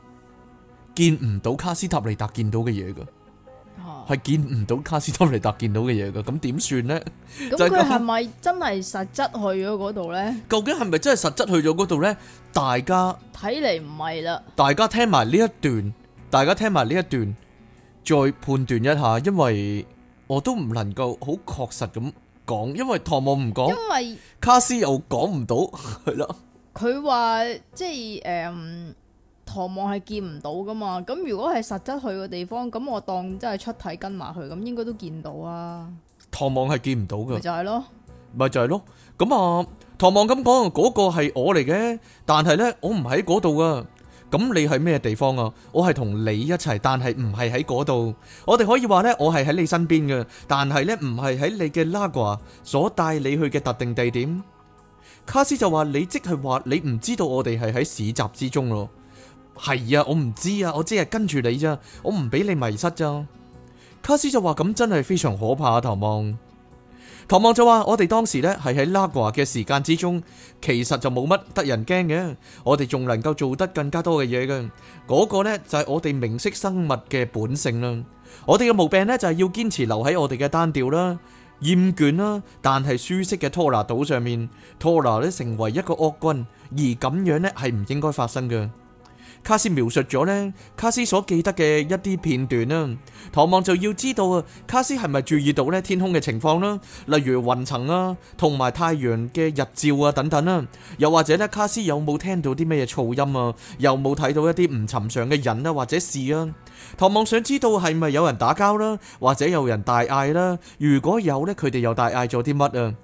見唔到卡斯塔尼達見到嘅嘢噶，係見唔到卡斯塔尼達見到嘅嘢噶，咁點算呢？咁佢係咪真係實質去咗嗰度呢？究竟係咪真係實質去咗嗰度呢？大家睇嚟唔係啦，大家聽埋呢一段，大家聽埋呢一段再判斷一下，因為我都唔能夠好確實咁講，因為唐望唔講，因為卡斯又講唔到，係咯？佢話即係誒。唐望係見唔到噶嘛？咁如果係實質去個地方，咁我當真係出體跟埋去，咁應該都見到啊。唐望係見唔到噶，咪就係咯，咪就係咯。咁啊，唐望咁講嗰個係我嚟嘅，但係呢我唔喺嗰度啊。咁你係咩地方啊？我係同你一齊，但係唔係喺嗰度。我哋可以話呢，我係喺你身邊嘅，但係呢唔係喺你嘅拉瓜所帶你去嘅特定地點。卡斯就話你即係話你唔知道我哋係喺市集之中咯。係啊，我唔知啊，我只係跟住你咋，我唔俾你迷失咋。卡斯就話咁真係非常可怕啊。唐望，唐望就話我哋當時呢係喺拉華嘅時間之中，其實就冇乜得人驚嘅。我哋仲能夠做得更加多嘅嘢嘅嗰個呢就係、是、我哋明晰生物嘅本性啦。我哋嘅毛病呢，就係、是、要堅持留喺我哋嘅單調啦、厭倦啦，但係舒適嘅拖拿島上面，拖拿呢成為一個惡君，而咁樣呢係唔應該發生嘅。卡斯描述咗呢，卡斯所記得嘅一啲片段啊。唐望就要知道啊，卡斯係咪注意到呢天空嘅情況啦、啊，例如雲層啊，同埋太陽嘅日照啊等等啦、啊，又或者呢，卡斯有冇聽到啲咩嘢噪音啊，有冇睇到一啲唔尋常嘅人啊或者事啊，唐望想知道係咪有人打交啦、啊，或者有人大嗌啦、啊，如果有呢，佢哋又大嗌咗啲乜啊？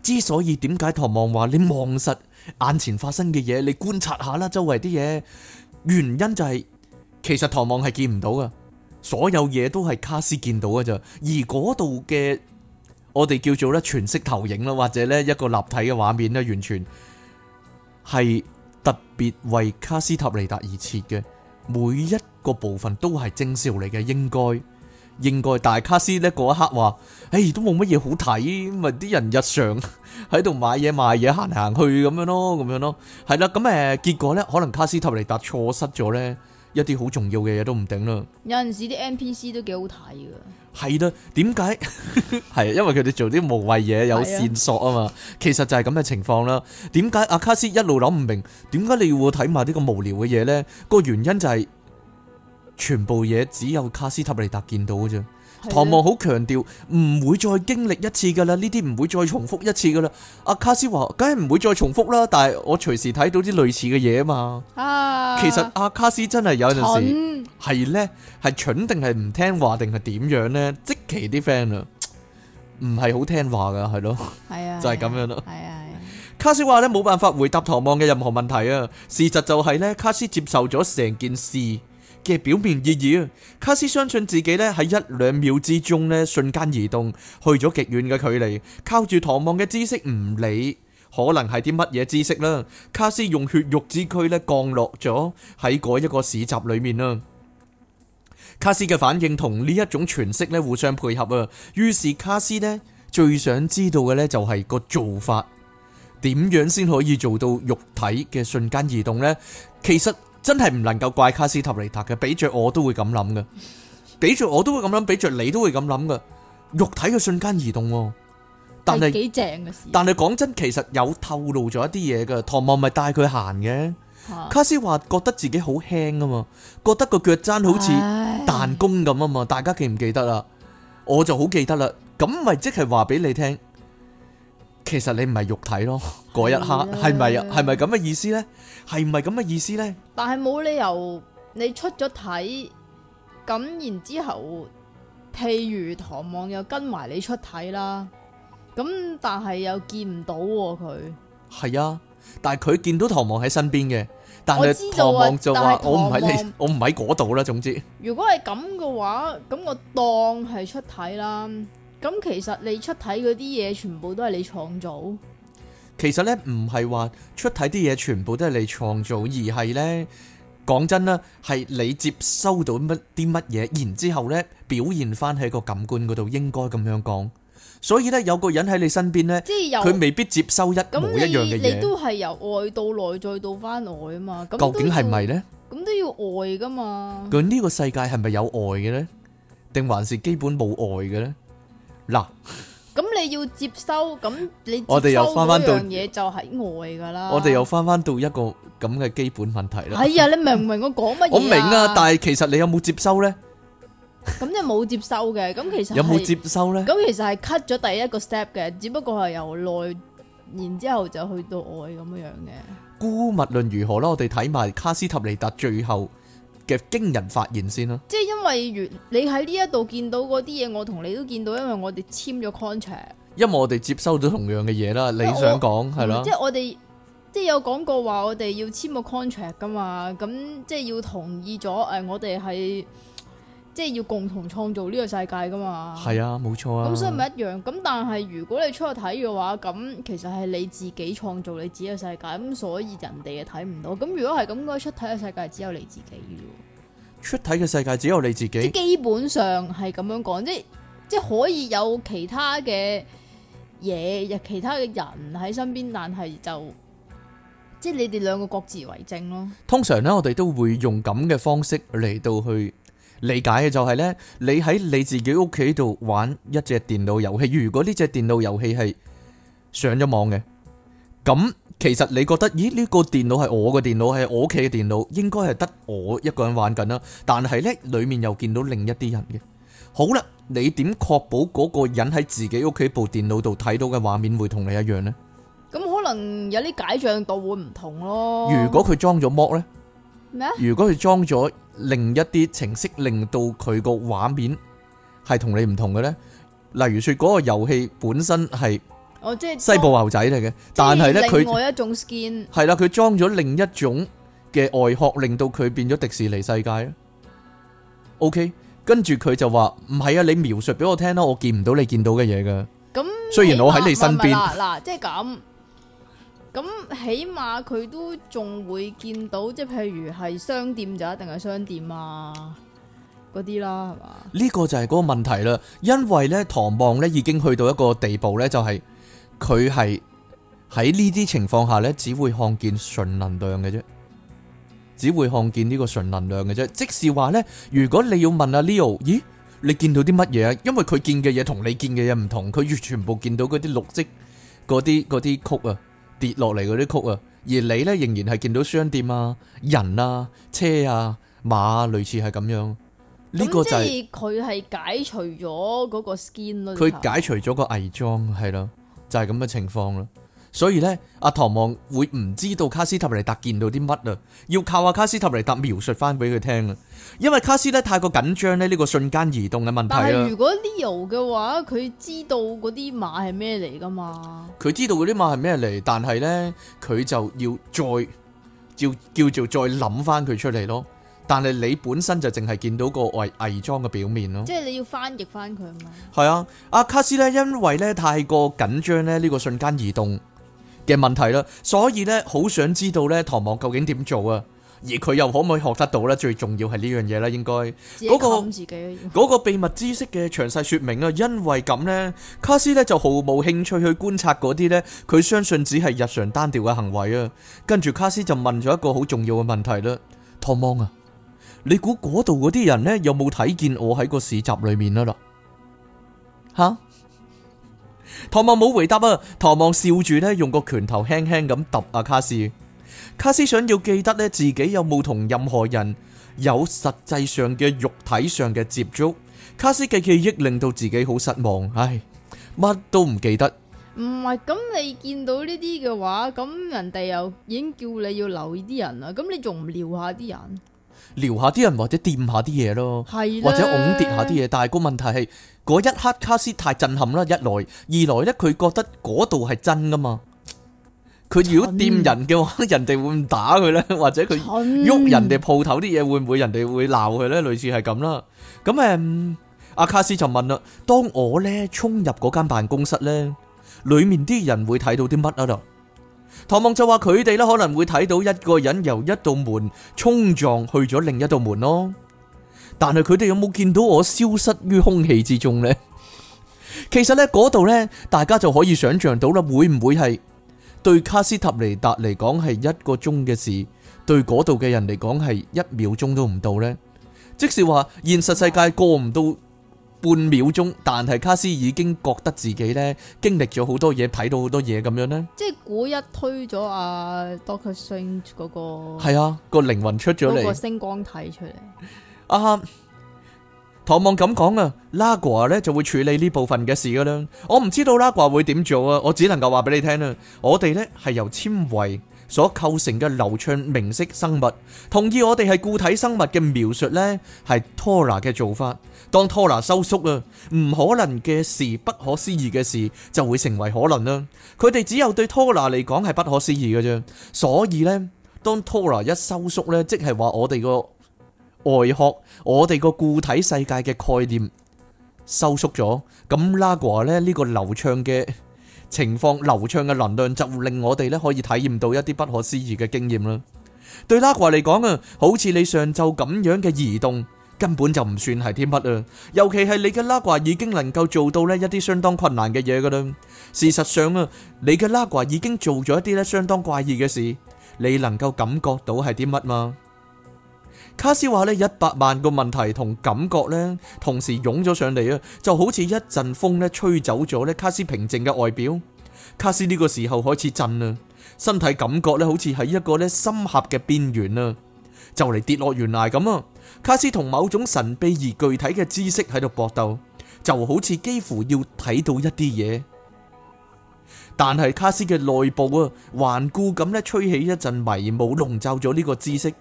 之所以點解唐望話你望實？眼前發生嘅嘢，你觀察下啦，周圍啲嘢原因就係、是，其實唐望係見唔到噶，所有嘢都係卡斯見到噶咋，而嗰度嘅我哋叫做咧，全息投影啦，或者咧一個立體嘅畫面咧，完全係特別為卡斯塔尼達而設嘅，每一個部分都係徵兆嚟嘅，應該。應該大卡斯咧嗰一刻話，誒，都冇乜嘢好睇，咪啲人日常喺度買嘢賣嘢行嚟行去咁樣咯，咁樣咯，係啦，咁誒結果咧可能卡斯塔尼達錯失咗咧一啲好重要嘅嘢都唔定啦。有陣時啲 NPC 都幾好睇噶。係啦，點解？係因為佢哋做啲無謂嘢有線索啊嘛，其實就係咁嘅情況啦。點解阿卡斯一路諗唔明？點解你要會睇埋呢個無聊嘅嘢咧？個原因就係。全部嘢只有卡斯塔尼達見到嘅啫。唐的望好強調唔會再經歷一次噶啦，呢啲唔會再重複一次噶啦。阿卡斯話梗係唔會再重複啦，但係我隨時睇到啲類似嘅嘢啊嘛。啊其實阿卡斯真係有陣時係蠢呢？係蠢定係唔聽話定係點樣呢？即奇啲 friend 啊，唔係好聽話噶，係咯，的 就係咁樣咯。卡斯話呢，冇辦法回答唐望嘅任何問題啊。事實就係、是、呢，卡斯接受咗成件事。嘅表面意義，卡斯相信自己咧喺一兩秒之中呢瞬間移動去咗極遠嘅距離，靠住唐望嘅知識唔理，可能係啲乜嘢知識啦。卡斯用血肉之軀咧降落咗喺嗰一個市集裏面啦。卡斯嘅反應同呢一種詮釋咧互相配合啊，於是卡斯咧最想知道嘅咧就係個做法，點樣先可以做到肉體嘅瞬間移動呢？其實。真係唔能夠怪卡斯塔尼達嘅，俾着我都會咁諗嘅，俾着我都會咁諗，俾着你都會咁諗嘅。肉體嘅瞬間移動，但係幾正嘅事。但係講真，其實有透露咗一啲嘢嘅。唐望咪帶佢行嘅，啊、卡斯話覺得自己好輕啊嘛，覺得個腳踭好似彈弓咁啊嘛。哎、大家記唔記得啦？我就好記得啦。咁咪即係話俾你聽。其實你唔係肉體咯，嗰一刻係咪係咪咁嘅意思咧？係唔係咁嘅意思咧？但係冇理由你出咗體，咁然之後，譬如唐望又跟埋你出體啦，咁但係又見唔到佢。係啊，但係佢見到唐望喺身邊嘅，但係唐望就話我唔喺你，我唔喺嗰度啦。總之，如果係咁嘅話，咁我當係出體啦。咁其實你出體嗰啲嘢，全部都係你創造。其實咧，唔係話出體啲嘢全部都係你創造，而係咧，講真啦，係你接收到乜啲乜嘢，然之後咧表現翻喺個感官嗰度，應該咁樣講。所以咧，有個人喺你身邊咧，即係佢未必接收一模一樣嘅嘢。你都係由外到內再到翻外啊嘛。咁究竟係咪咧？咁都要愛噶嘛。究竟呢個世界係咪有愛嘅咧？定還是基本冇愛嘅咧？嗱，咁你要接收，咁你我哋又翻翻到嘢，就喺外噶啦。我哋又翻翻到一個咁嘅基本問題啦。係啊，你明唔明我講乜嘢？我明啊，但係其實你有冇接收咧？咁你冇接收嘅，咁其實有冇接收咧？咁其實係 cut 咗第一個 step 嘅，只不過係由內，然之後就去到外咁樣嘅。姑勿論如何啦，我哋睇埋卡斯塔尼達最後。嘅驚人發現先咯，即係因為原你喺呢一度見到嗰啲嘢，我同你都見到，因為我哋簽咗 contract，因為我哋接收咗同樣嘅嘢啦。你想講係咯？即係我哋即係有講過話，我哋要簽個 contract 噶嘛？咁即係要同意咗，誒、呃，我哋係。即係要共同創造呢個世界噶嘛？係啊，冇錯啊。咁所以咪一樣咁，但係如果你出去睇嘅話，咁其實係你自己創造你自己嘅世界，咁所以人哋啊睇唔到。咁如果係咁嘅出體嘅世界，只有你自己嘅。出體嘅世界只有你自己。基本上係咁樣講，即係即係可以有其他嘅嘢，有其他嘅人喺身邊，但係就即係你哋兩個各自為政咯。通常呢，我哋都會用咁嘅方式嚟到去。理解嘅就係咧，你喺你自己屋企度玩一隻電腦遊戲，如果呢隻電腦遊戲係上咗網嘅，咁其實你覺得，咦？呢個電腦係我嘅電腦，係我屋企嘅電腦，應該係得我一個人玩緊啦。但係咧，裡面又見到另一啲人嘅。好啦，你點確保嗰個人喺自己屋企部電腦度睇到嘅畫面會同你一樣咧？咁可能有啲解像度會唔同咯。如果佢裝咗膜咧咩啊？如果佢裝咗，另一啲程式令到佢個畫面係同你唔同嘅，咧，例如說嗰個遊戲本身係哦，即係西部牛仔嚟嘅，但係咧佢另外一種 skin 係啦，佢裝咗另一種嘅外殼，令到佢變咗迪士尼世界啦。OK，跟住佢就話唔係啊，你描述俾我聽啦，我見唔到你見到嘅嘢噶。咁、嗯、雖然我喺你身邊嗱，即係咁。嗯嗯嗯就是咁起碼佢都仲會見到，即係譬如係商店就一定係商店啊，嗰啲啦係嘛？呢個就係嗰個問題啦，因為咧唐望咧已經去到一個地步咧，就係佢係喺呢啲情況下咧，只會看見純能量嘅啫，只會看見呢個純能量嘅啫。即是話咧，如果你要問阿 Leo，咦，你見到啲乜嘢？因為佢見嘅嘢同你見嘅嘢唔同，佢越全部見到嗰啲綠色嗰啲嗰啲曲啊。跌落嚟嗰啲曲啊，而你咧仍然係見到商店啊、人啊、車啊、馬啊，類似係咁樣，呢那麼 個就係佢係解除咗嗰個 skin 咯。佢解除咗個偽裝係咯，就係咁嘅情況咯。所以咧，阿唐望會唔知道卡斯塔尼達見到啲乜啊？要靠阿卡斯塔尼達描述翻俾佢聽啊！因為卡斯咧太過緊張咧，呢個瞬間移動嘅問題啊！但如果 Leo 嘅話，佢知道嗰啲馬係咩嚟噶嘛？佢知道嗰啲馬係咩嚟，但係咧佢就要再叫叫做再諗翻佢出嚟咯。但係你本身就淨係見到個偽偽裝嘅表面咯。即係你要翻譯翻佢啊嘛？係啊，阿卡斯咧，因為咧太過緊張咧，呢個瞬間移動。嘅問題啦，所以咧好想知道咧，唐望究竟點做啊？而佢又可唔可以學得到咧？最重要係呢樣嘢啦，應該嗰、嗰個嗰個秘密知識嘅詳細説明啊，因為咁呢，卡斯咧就毫無興趣去觀察嗰啲呢，佢相信只係日常單調嘅行為啊。跟住卡斯就問咗一個好重要嘅問題啦，唐望啊，你估嗰度嗰啲人呢，有冇睇見我喺個市集裏面啊？咯嚇？唐望冇回答啊！唐望笑住咧，用個拳頭輕輕咁揼阿卡斯。卡斯想要記得咧，自己有冇同任何人有實際上嘅、肉體上嘅接觸。卡斯嘅記憶令到自己好失望，唉，乜都唔記得。唔係，咁你見到呢啲嘅話，咁人哋又已經叫你要留意啲人啦，咁你仲唔撩下啲人？撩下啲人或者掂下啲嘢咯，或者㧬跌下啲嘢的，但係個問題係嗰一刻卡斯太震撼啦，一來二來咧佢覺得嗰度係真噶嘛，佢蠢如果掂人嘅話，人哋會唔打佢呢？或者佢喐人哋鋪頭啲嘢會唔會人哋會鬧佢呢？類似係咁啦。咁誒，阿、嗯、卡斯就問啦：當我呢衝入嗰間辦公室呢，裏面啲人會睇到啲乜嘢啊？唐望就話佢哋咧，可能會睇到一個人由一道門沖撞去咗另一道門咯，但係佢哋有冇見到我消失於空氣之中呢？ 其實呢，嗰度呢，大家就可以想象到啦，會唔會係對卡斯塔尼達嚟講係一個鐘嘅事，對嗰度嘅人嚟講係一秒鐘都唔到呢？即是話現實世界過唔到。半秒鐘，但係卡斯已經覺得自己咧經歷咗好多嘢，睇到好多嘢咁樣咧。即係古一推咗阿多克遜嗰個係啊，個靈魂出咗嚟，個星光體出嚟。阿唐望咁講啊，拉瓜咧就會處理呢部分嘅事噶啦。我唔知道拉瓜會點做啊，我只能夠話俾你聽啦。我哋咧係由纖維所構成嘅流暢明晰生物，同意我哋係固體生物嘅描述咧，係 Tonal 嘅做法。當托拿收縮啊，唔可能嘅事，不可思議嘅事就會成為可能啦。佢哋只有對托拿嚟講係不可思議嘅啫。所以咧，當托拿一收縮呢，即係話我哋個外殼、我哋個固體世界嘅概念收縮咗。咁拉華咧呢個流暢嘅情況、流暢嘅能量就會令我哋咧可以體驗到一啲不可思議嘅經驗啦。對拉華嚟講啊，好似你上晝咁樣嘅移動。根本就唔算係啲乜啊！尤其係你嘅拉掛已經能夠做到咧一啲相當困難嘅嘢噶啦。事實上啊，你嘅拉掛已經做咗一啲咧相當怪異嘅事。你能夠感覺到係啲乜嗎？卡斯話咧一百萬個問題同感覺咧，同時湧咗上嚟啊！就好似一陣風咧吹走咗咧卡斯平靜嘅外表。卡斯呢個時候開始震啊，身體感覺咧好似喺一個咧深峽嘅邊緣啊，就嚟跌落懸崖咁啊！卡斯同某種神秘而具體嘅知識喺度搏鬥，就好似幾乎要睇到一啲嘢。但係卡斯嘅內部啊，頑固咁咧吹起一陣迷霧，籠罩咗呢個知識。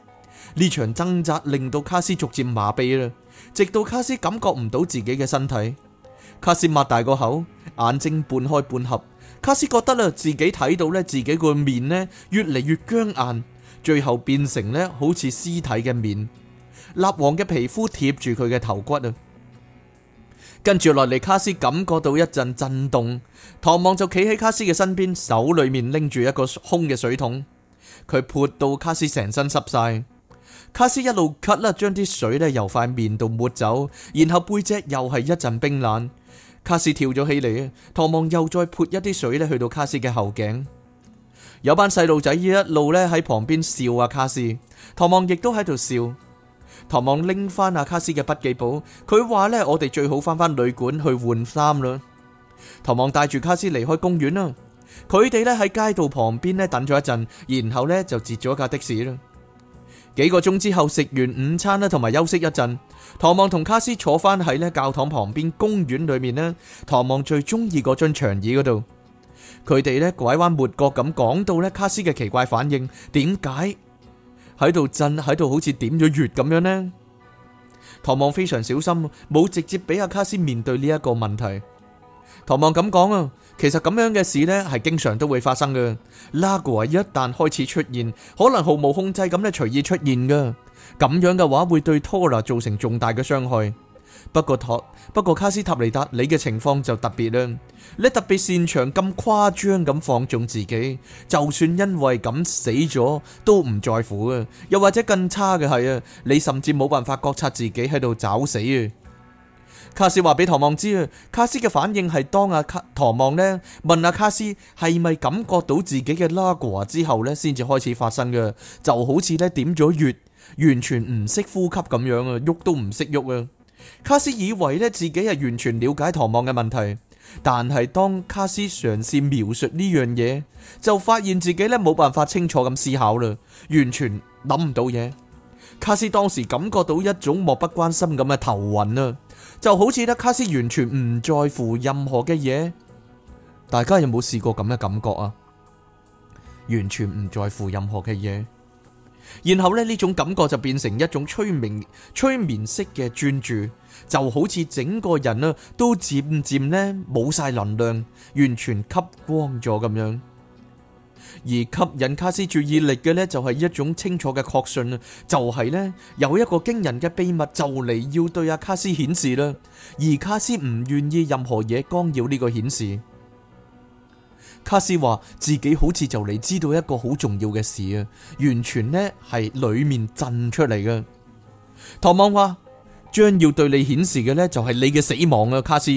呢場掙扎令到卡斯逐漸麻痹啦，直到卡斯感覺唔到自己嘅身體。卡斯擘大個口，眼睛半開半合。卡斯覺得啦，自己睇到咧自己個面咧越嚟越僵硬，最後變成咧好似屍體嘅面。蠟黃嘅皮膚貼住佢嘅頭骨啊，跟住落嚟，卡斯感覺到一陣震動，唐望就企喺卡斯嘅身邊，手裏面拎住一個空嘅水桶，佢潑到卡斯成身濕晒。卡斯一路咳啦，將啲水呢由塊面度抹走，然後背脊又係一陣冰冷。卡斯跳咗起嚟啊！唐望又再潑一啲水呢去到卡斯嘅後頸，有班細路仔一路呢喺旁邊笑啊！卡斯，唐望亦都喺度笑。唐望拎翻阿卡斯嘅筆記簿，佢話呢：「我哋最好翻翻旅館去換衫啦。」唐望帶住卡斯離開公園啦，佢哋呢喺街道旁邊呢等咗一陣，然後呢就截咗架的士啦。幾個鐘之後食完午餐啦，同埋休息一陣，唐望同卡斯坐翻喺呢教堂旁邊公園裏面。呢唐望最中意嗰張長椅嗰度，佢哋呢拐彎抹角咁講到呢卡斯嘅奇怪反應，點解？喺度震，喺度好似點咗穴咁樣呢。唐望非常小心，冇直接俾阿卡斯面對呢一個問題。唐望咁講啊，其實咁樣嘅事呢係經常都會發生噶。拉古華一旦開始出現，可能毫無控制咁咧隨意出現噶，咁樣嘅話會對托拉造成重大嘅傷害。不過托不過卡斯塔尼達，你嘅情況就特別啦。你特別擅長咁誇張咁放縱自己，就算因為咁死咗都唔在乎啊。又或者更差嘅係啊，你甚至冇辦法覺察自己喺度找死啊。卡斯話俾唐望知啊，卡斯嘅反應係當阿、啊、卡唐望咧問阿、啊、卡斯係咪感覺到自己嘅拉古啊之後咧，先至開始發生嘅，就好似咧點咗穴，完全唔識呼吸咁樣啊，喐都唔識喐啊。卡斯以為咧自己係完全了解唐望嘅問題，但係當卡斯嘗試描述呢樣嘢，就發現自己咧冇辦法清楚咁思考啦，完全諗唔到嘢。卡斯當時感覺到一種漠不關心咁嘅頭暈啦，就好似咧卡斯完全唔在乎任何嘅嘢。大家有冇試過咁嘅感覺啊？完全唔在乎任何嘅嘢，然後呢，呢種感覺就變成一種催眠，催眠式嘅專注。就好似整個人啊，都漸漸咧冇晒能量，完全吸光咗咁樣。而吸引卡斯注意力嘅，呢，就係一種清楚嘅確信，就係呢，有一個驚人嘅秘密就嚟要對阿卡斯顯示啦。而卡斯唔願意任何嘢干擾呢個顯示。卡斯話自己好似就嚟知道一個好重要嘅事啊，完全呢係裏面震出嚟嘅。唐望話。將要對你顯示嘅呢，就係你嘅死亡啊，卡斯，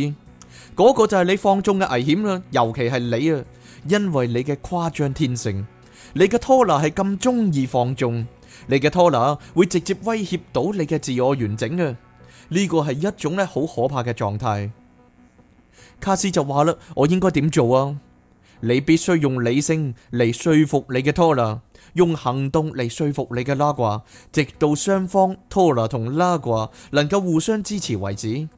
嗰個就係你放縱嘅危險啦，尤其係你啊，因為你嘅誇張天性，你嘅拖拿係咁中意放縱，你嘅拖拿會直接威脅到你嘅自我完整啊，呢個係一種咧好可怕嘅狀態。卡斯就話啦，我應該點做啊？你必須用理性嚟說服你嘅拖拿。用行動嚟說服你嘅 Nagual，直到雙方 Tonal 同 Nagual 能夠互相支持為止。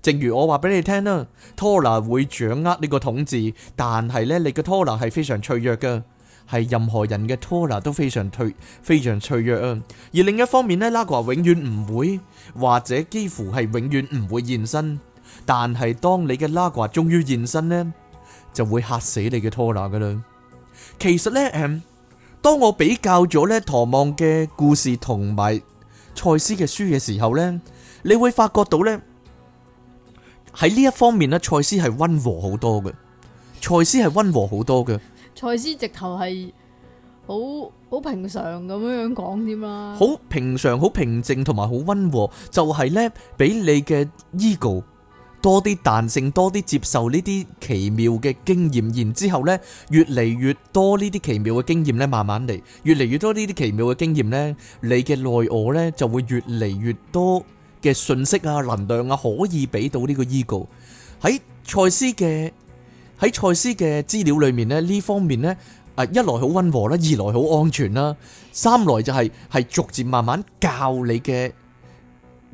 正如我話俾你聽啦，Tonal 會掌握呢個統治，但係咧，你嘅 Tonal 係非常脆弱嘅，係任何人嘅 Tonal 都非常脆非常脆弱啊。而另一方面咧，Nagual 永遠唔會或者幾乎係永遠唔會現身。但係當你嘅 Nagual 終於現身咧，就會嚇死你嘅 Tonal 噶啦。其實咧，嗯。當我比較咗咧唐望嘅故事同埋蔡斯嘅書嘅時候咧，你會發覺到咧喺呢一方面咧，蔡斯係温和好多嘅，蔡斯係温和好多嘅。蔡斯直頭係好好平常咁樣樣講添啦，好平常、好平靜同埋好温和，就係咧俾你嘅 ego。多啲彈性，多啲接受呢啲奇妙嘅經驗，然之後咧，越嚟越多呢啲奇妙嘅經驗呢，慢慢嚟，越嚟越多呢啲奇妙嘅經驗呢，你嘅內我呢，就會越嚟越多嘅信息啊、能量啊，可以俾到呢個 ego。喺賽斯嘅喺賽斯嘅資料裏面呢，呢方面呢，啊一來好溫和啦，二來好安全啦，三來就係、是、係逐漸慢慢教你嘅。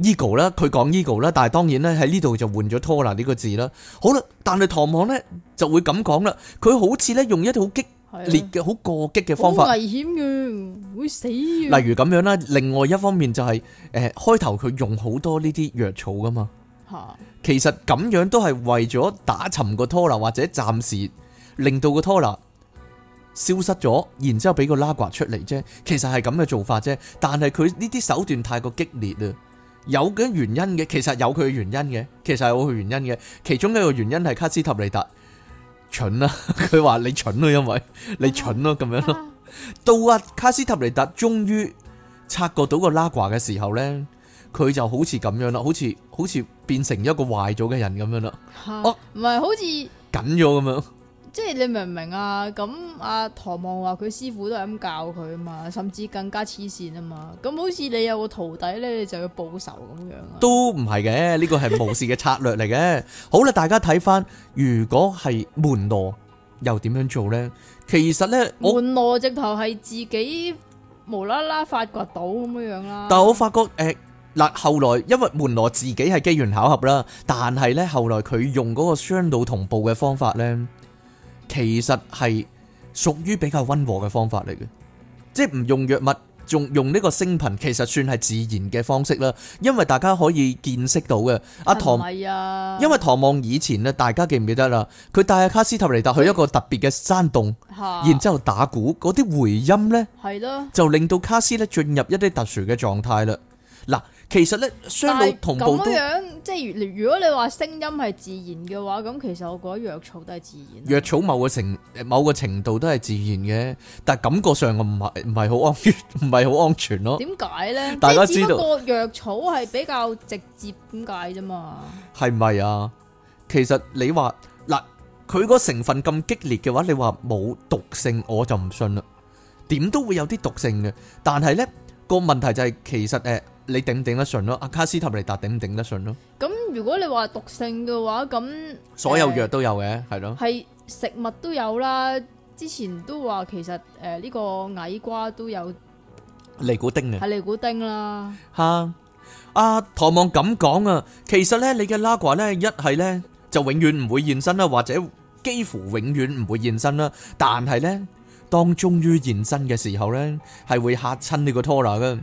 Eagle 啦，佢講 Eagle 啦，但係當然咧喺呢度就換咗 Tora 呢個字啦。好啦，但係唐望呢，就會咁講啦，佢好似呢，用一啲好激烈嘅、好過激嘅方法，危險嘅，會死嘅。例如咁樣啦，另外一方面就係誒開頭佢用好多呢啲藥草噶嘛，其實咁樣都係為咗打沉個 Tora，或者暫時令到個 Tora 消失咗，然之後俾個拉掛出嚟啫。其實係咁嘅做法啫，但係佢呢啲手段太過激烈啊！有嘅原因嘅，其實有佢嘅原因嘅，其實有佢原因嘅，其中一個原因係卡斯塔尼達蠢啦，佢話你蠢咯，因為你蠢咯咁樣咯。到阿卡斯塔尼達終於察覺到個拉掛嘅時候咧，佢就好似咁樣啦，好似好似變成一個壞咗嘅人咁樣啦，哦，唔係好似緊咗咁樣。啊即係你明唔明啊？咁阿唐望話佢師傅都係咁教佢啊嘛，甚至更加黐線啊嘛。咁好似你有個徒弟咧，你就要報仇咁樣，都唔係嘅，呢個係武士嘅策略嚟嘅。 好啦，大家睇翻，如果係門羅又點樣做咧？其實咧，門羅直頭係自己無啦啦發掘到咁樣樣啦。但係我發覺誒，嗱、呃，後來因為門羅自己係機緣巧合啦，但係咧後來佢用嗰個雙腦同步嘅方法咧。其實係屬於比較溫和嘅方法嚟嘅，即係唔用藥物，仲用呢個聲頻，其實算係自然嘅方式啦。因為大家可以見識到嘅阿唐，啊啊、因為唐望以前咧，大家記唔記得啦？佢帶阿卡斯塔尼達去一個特別嘅山洞，啊、然之後打鼓，嗰啲回音呢，啊、就令到卡斯咧進入一啲特殊嘅狀態啦。嗱。其實咧，相同同步都即係。如果你話聲音係自然嘅話，咁其實我覺得藥草都係自然。藥草某個程誒某個程度都係自然嘅，但係感覺上唔係唔係好安全，唔係好安全咯。點解咧？大家知道藥草係比較直接，點解啫嘛？係唔係啊？其實你話嗱，佢個成分咁激烈嘅話，你話冇毒性我就唔信啦。點都會有啲毒性嘅。但係咧個問題就係，其實誒。你頂唔頂得順咯，阿卡斯塔尼達頂唔頂得順咯。咁如果你話毒性嘅話，咁所有藥都有嘅，係咯。係食物都有啦，之前都話其實誒呢個矮瓜都有尼古丁嘅，係尼古丁啦。嚇！阿唐望咁講啊，其實咧你嘅拉瓜咧一係咧就永遠唔會現身啦，或者幾乎永遠唔會現身啦。但係咧當終於現身嘅時候咧，係會嚇親你個拖拉嘅。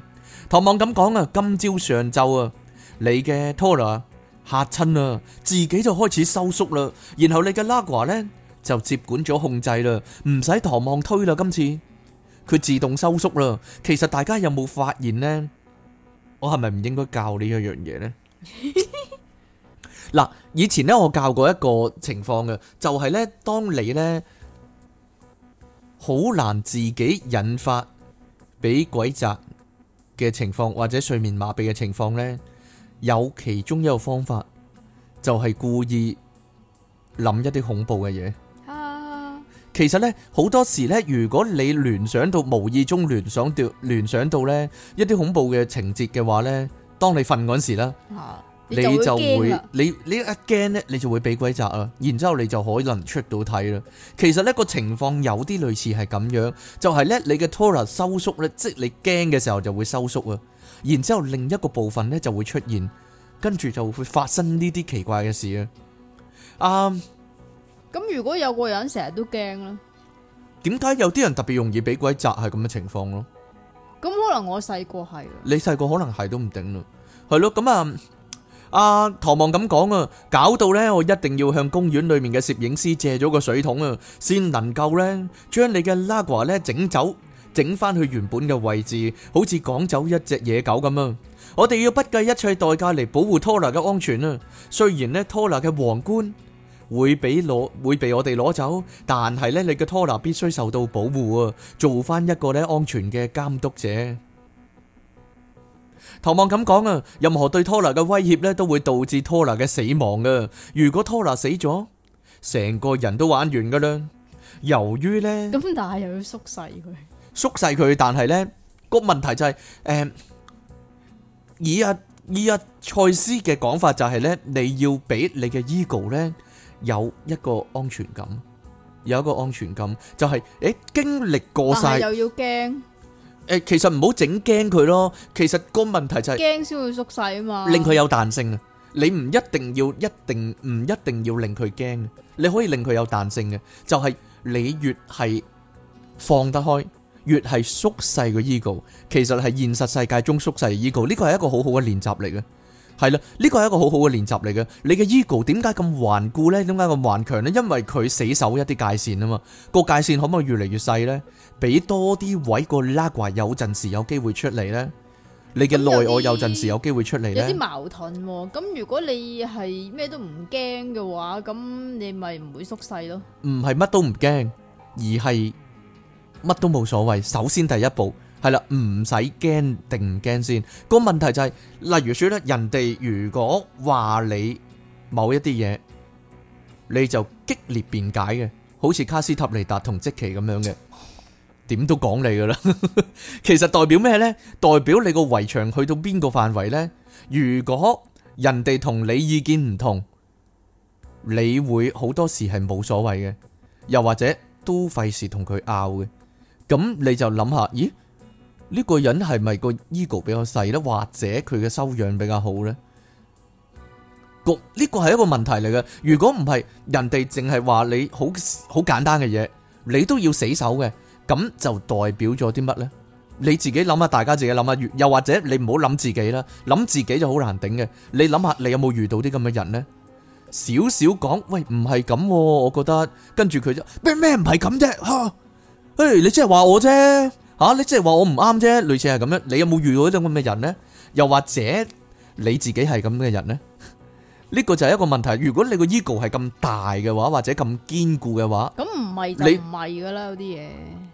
唐望咁講啊，今朝上晝啊，你嘅 Tonal 吓親啦，自己就開始收縮啦，然後你嘅拉華咧就接管咗控制啦，唔使唐望推啦，今次佢自動收縮啦。其實大家有冇發現呢？我係咪唔應該教你一樣嘢呢？嗱，以前咧我教過一個情況嘅，就係咧當你咧好難自己引發俾鬼責嘅情況或者睡眠麻痹嘅情況呢，有其中一個方法就係故意諗一啲恐怖嘅嘢。Hello. 其實呢，好多時呢，如果你聯想到無意中聯想到聯想到呢一啲恐怖嘅情節嘅話呢，當你瞓覺時啦。你就會你呢一驚咧，你就會俾鬼砸啊！然之後你就可能出到體啦。其實呢個情況有啲類似係咁樣，就係咧你嘅 tonal 收縮咧，即係你驚嘅時候就會收縮啊。然之後另一個部分咧就會出現，跟住就會發生呢啲奇怪嘅事啊。啊，咁如果有個人成日都驚咧，點解有啲人特別容易俾鬼砸係咁嘅情況咯？咁可能我細個係啊，你細個可能係都唔定啦，係咯咁啊。啊，唐望咁講啊，搞到咧，我一定要向公園裏面嘅攝影師借咗個水桶啊，先能夠咧將你嘅拉瓜咧整走，整翻去原本嘅位置，好似趕走一隻野狗咁啊！我哋要不計一切代價嚟保護 Tora 嘅安全啊！雖然咧 Tora 嘅皇冠會俾攞，會被我哋攞走，但係咧你嘅 Tora 必須受到保護啊！做翻一個咧安全嘅監督者。頭望咁講啊，任何對托拿嘅威脅咧，都會導致托拿嘅死亡噶。如果托拿死咗，成個人都玩完噶啦。由於咧，咁但係又要縮細佢，縮細佢，但係咧，個問題就係，誒，依日依日賽斯嘅講法就係咧，你要俾你嘅 ego 咧有一個安全感，有一個安全感就係誒經歷過晒又要驚。誒，其實唔好整驚佢咯。其實個問題就係驚先會縮細啊嘛，令佢有彈性啊。你唔一定要一定唔一定要令佢驚，你可以令佢有彈性嘅。就係你越係放得開，越係縮細嘅 ego。其實係現實世界中縮細 ego 呢個係一個好好嘅練習嚟嘅，係啦。呢個係一個好好嘅練習嚟嘅。你嘅 ego 點解咁頑固呢？點解咁頑強呢？因為佢死守一啲界線啊嘛。個界線可唔可以越嚟越細呢？俾多啲位個拉掛，有陣時有機會出嚟咧。你嘅內外有陣時有機會出嚟咧。有啲矛盾喎。咁如果你係咩都唔驚嘅話，咁你咪唔會縮細咯。唔係乜都唔驚，而係乜都冇所謂。首先第一步係啦，唔使驚定唔驚先。個問題就係，例如說咧，人哋如果話你某一啲嘢，你就激烈辯解嘅，好似卡斯塔尼達同積奇咁樣嘅。點都講你噶啦，其實代表咩呢？代表你個圍牆去到邊個範圍呢？如果人哋同你意見唔同，你會好多時係冇所謂嘅，又或者都費事同佢拗嘅。咁你就諗下，咦呢個人係咪個 ego 比較細呢？或者佢嘅修養比較好呢？呢個係一個問題嚟嘅。如果唔係人哋淨係話你好好簡單嘅嘢，你都要死守嘅。咁就代表咗啲乜呢？你自己諗下，大家自己諗下，又或者你唔好諗自己啦，諗自己就好難頂嘅。你諗下，你有冇遇到啲咁嘅人呢？少少講，喂，唔係咁，我覺得跟住佢就咩咩唔係咁啫，吓，誒，你即係話我啫，吓，你即係話我唔啱啫，類似係咁樣。你有冇遇到啲咁嘅人呢？又或者你自己係咁嘅人呢？呢個就係一個問題，如果你個 ego 係咁大嘅話，或者咁堅固嘅話，咁唔係你唔係噶啦，有啲嘢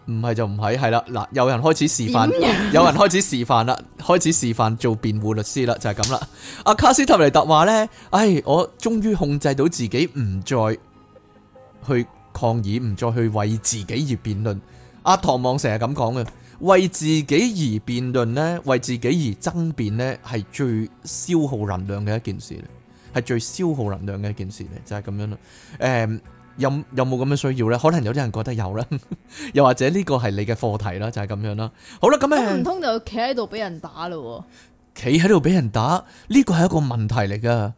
唔係就唔係，係啦嗱，有人開始示範，樣有人開始示範啦，開始示範做辯護律師啦，就係咁啦。阿卡斯塔尼達話呢：哎「唉，我終於控制到自己唔再去抗議，唔再去為自己而辯論。阿、啊、唐望成日咁講嘅，為自己而辯論呢，為自己而爭辯呢，係最消耗能量嘅一件事。係最消耗能量嘅一件事嚟，就係、是、咁樣啦。誒、嗯，有有冇咁嘅需要咧？可能有啲人覺得有啦， 又或者呢個係你嘅課題啦，就係、是、咁樣啦。好啦，咁樣唔通就企喺度俾人打咯？企喺度俾人打呢個係一個問題嚟噶。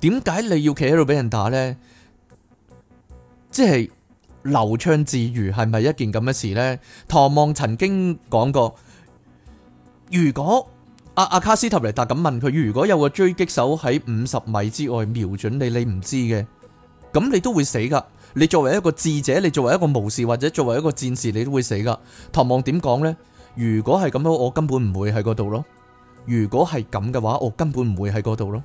點解你要企喺度俾人打咧？即係流暢自如係咪一件咁嘅事咧？唐望曾經講過，如果。阿阿卡斯塔尼達咁問佢：如果有個狙擊手喺五十米之外瞄準你，你唔知嘅，咁你都會死噶。你作為一個智者，你作為一個巫師或者作為一個戰士，你都會死噶。唐望點講呢？如果係咁樣，我根本唔會喺嗰度咯。如果係咁嘅話，我根本唔會喺嗰度咯。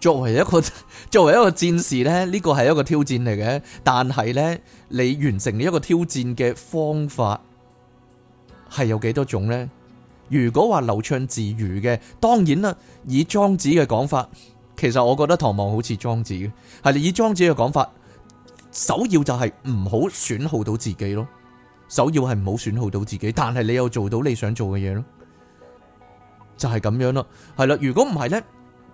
作為一個作為一個戰士呢，呢、呢個係一個挑戰嚟嘅，但係呢，你完成呢一個挑戰嘅方法係有幾多種呢？如果話流暢自如嘅，當然啦，以莊子嘅講法，其實我覺得唐望好似莊子嘅，係啦，以莊子嘅講法，首要就係唔好損耗到自己咯，首要係唔好損耗到自己，但係你又做到你想做嘅嘢咯，就係咁樣咯，係啦，如果唔係咧。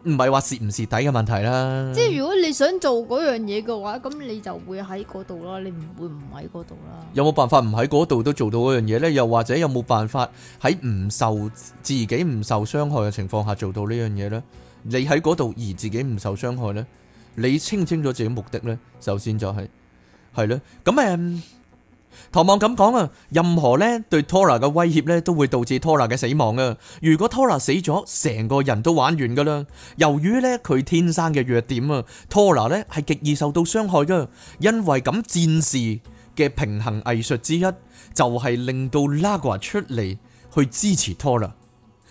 唔係話蝕唔蝕底嘅問題啦，即係如果你想做嗰樣嘢嘅話，咁你就會喺嗰度啦，你唔會唔喺嗰度啦。有冇辦法唔喺嗰度都做到嗰樣嘢呢？又或者有冇辦法喺唔受自己唔受傷害嘅情況下做到呢樣嘢呢？你喺嗰度而自己唔受傷害呢？你清清楚自己的目的呢？首先就係係囉，咁誒。唐望咁講啊，任何咧對 Tonal 嘅威脅咧都會導致 Tonal 嘅死亡啊。如果 Tonal 死咗，成個人都玩完噶啦。由於咧佢天生嘅弱點啊，Tonal 咧係極易受到傷害噶。因為咁戰士嘅平衡藝術之一就係、是、令到 Lagua 出嚟去支持 Tonal。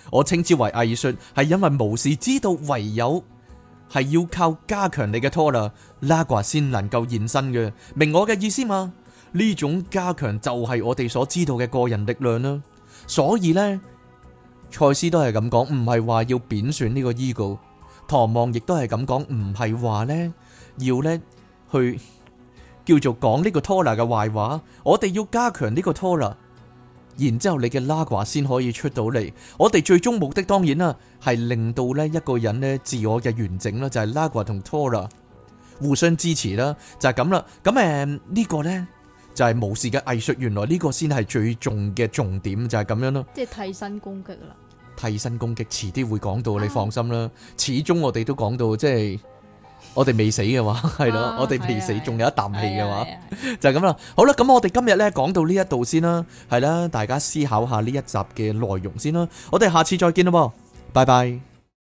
我稱之為藝術係因為無事知道唯有係要靠加強你嘅 Tonal Lagua 先能夠現身嘅。明我嘅意思嘛？呢種加強就係我哋所知道嘅個人力量啦，所以呢，賽斯都係咁講，唔係話要貶損呢個 Ego。唐望亦都係咁講，唔係話呢，要呢，去叫做講呢個 Tonal 嘅壞話，我哋要加強呢個 Tonal 然之後你嘅 Lagua 先可以出到嚟。我哋最終目的當然啦，係令到呢一個人咧自我嘅完整啦，就係、是、Lagua 同 Tonal 互相支持啦，就係咁啦。咁誒呢個呢。就係無視嘅藝術，原來呢個先係最重嘅重點，就係、是、咁樣咯。即係替身攻擊啦，替身攻擊，遲啲會講到，啊、你放心啦。始終我哋都講到，即係我哋未死嘅話，係咯、啊，的我哋未死，仲的有一啖氣嘅話，就係咁啦。好啦，咁我哋今日呢講到呢一度先啦，係啦，大家思考下呢一集嘅內容先啦。我哋下次再見咯，拜拜。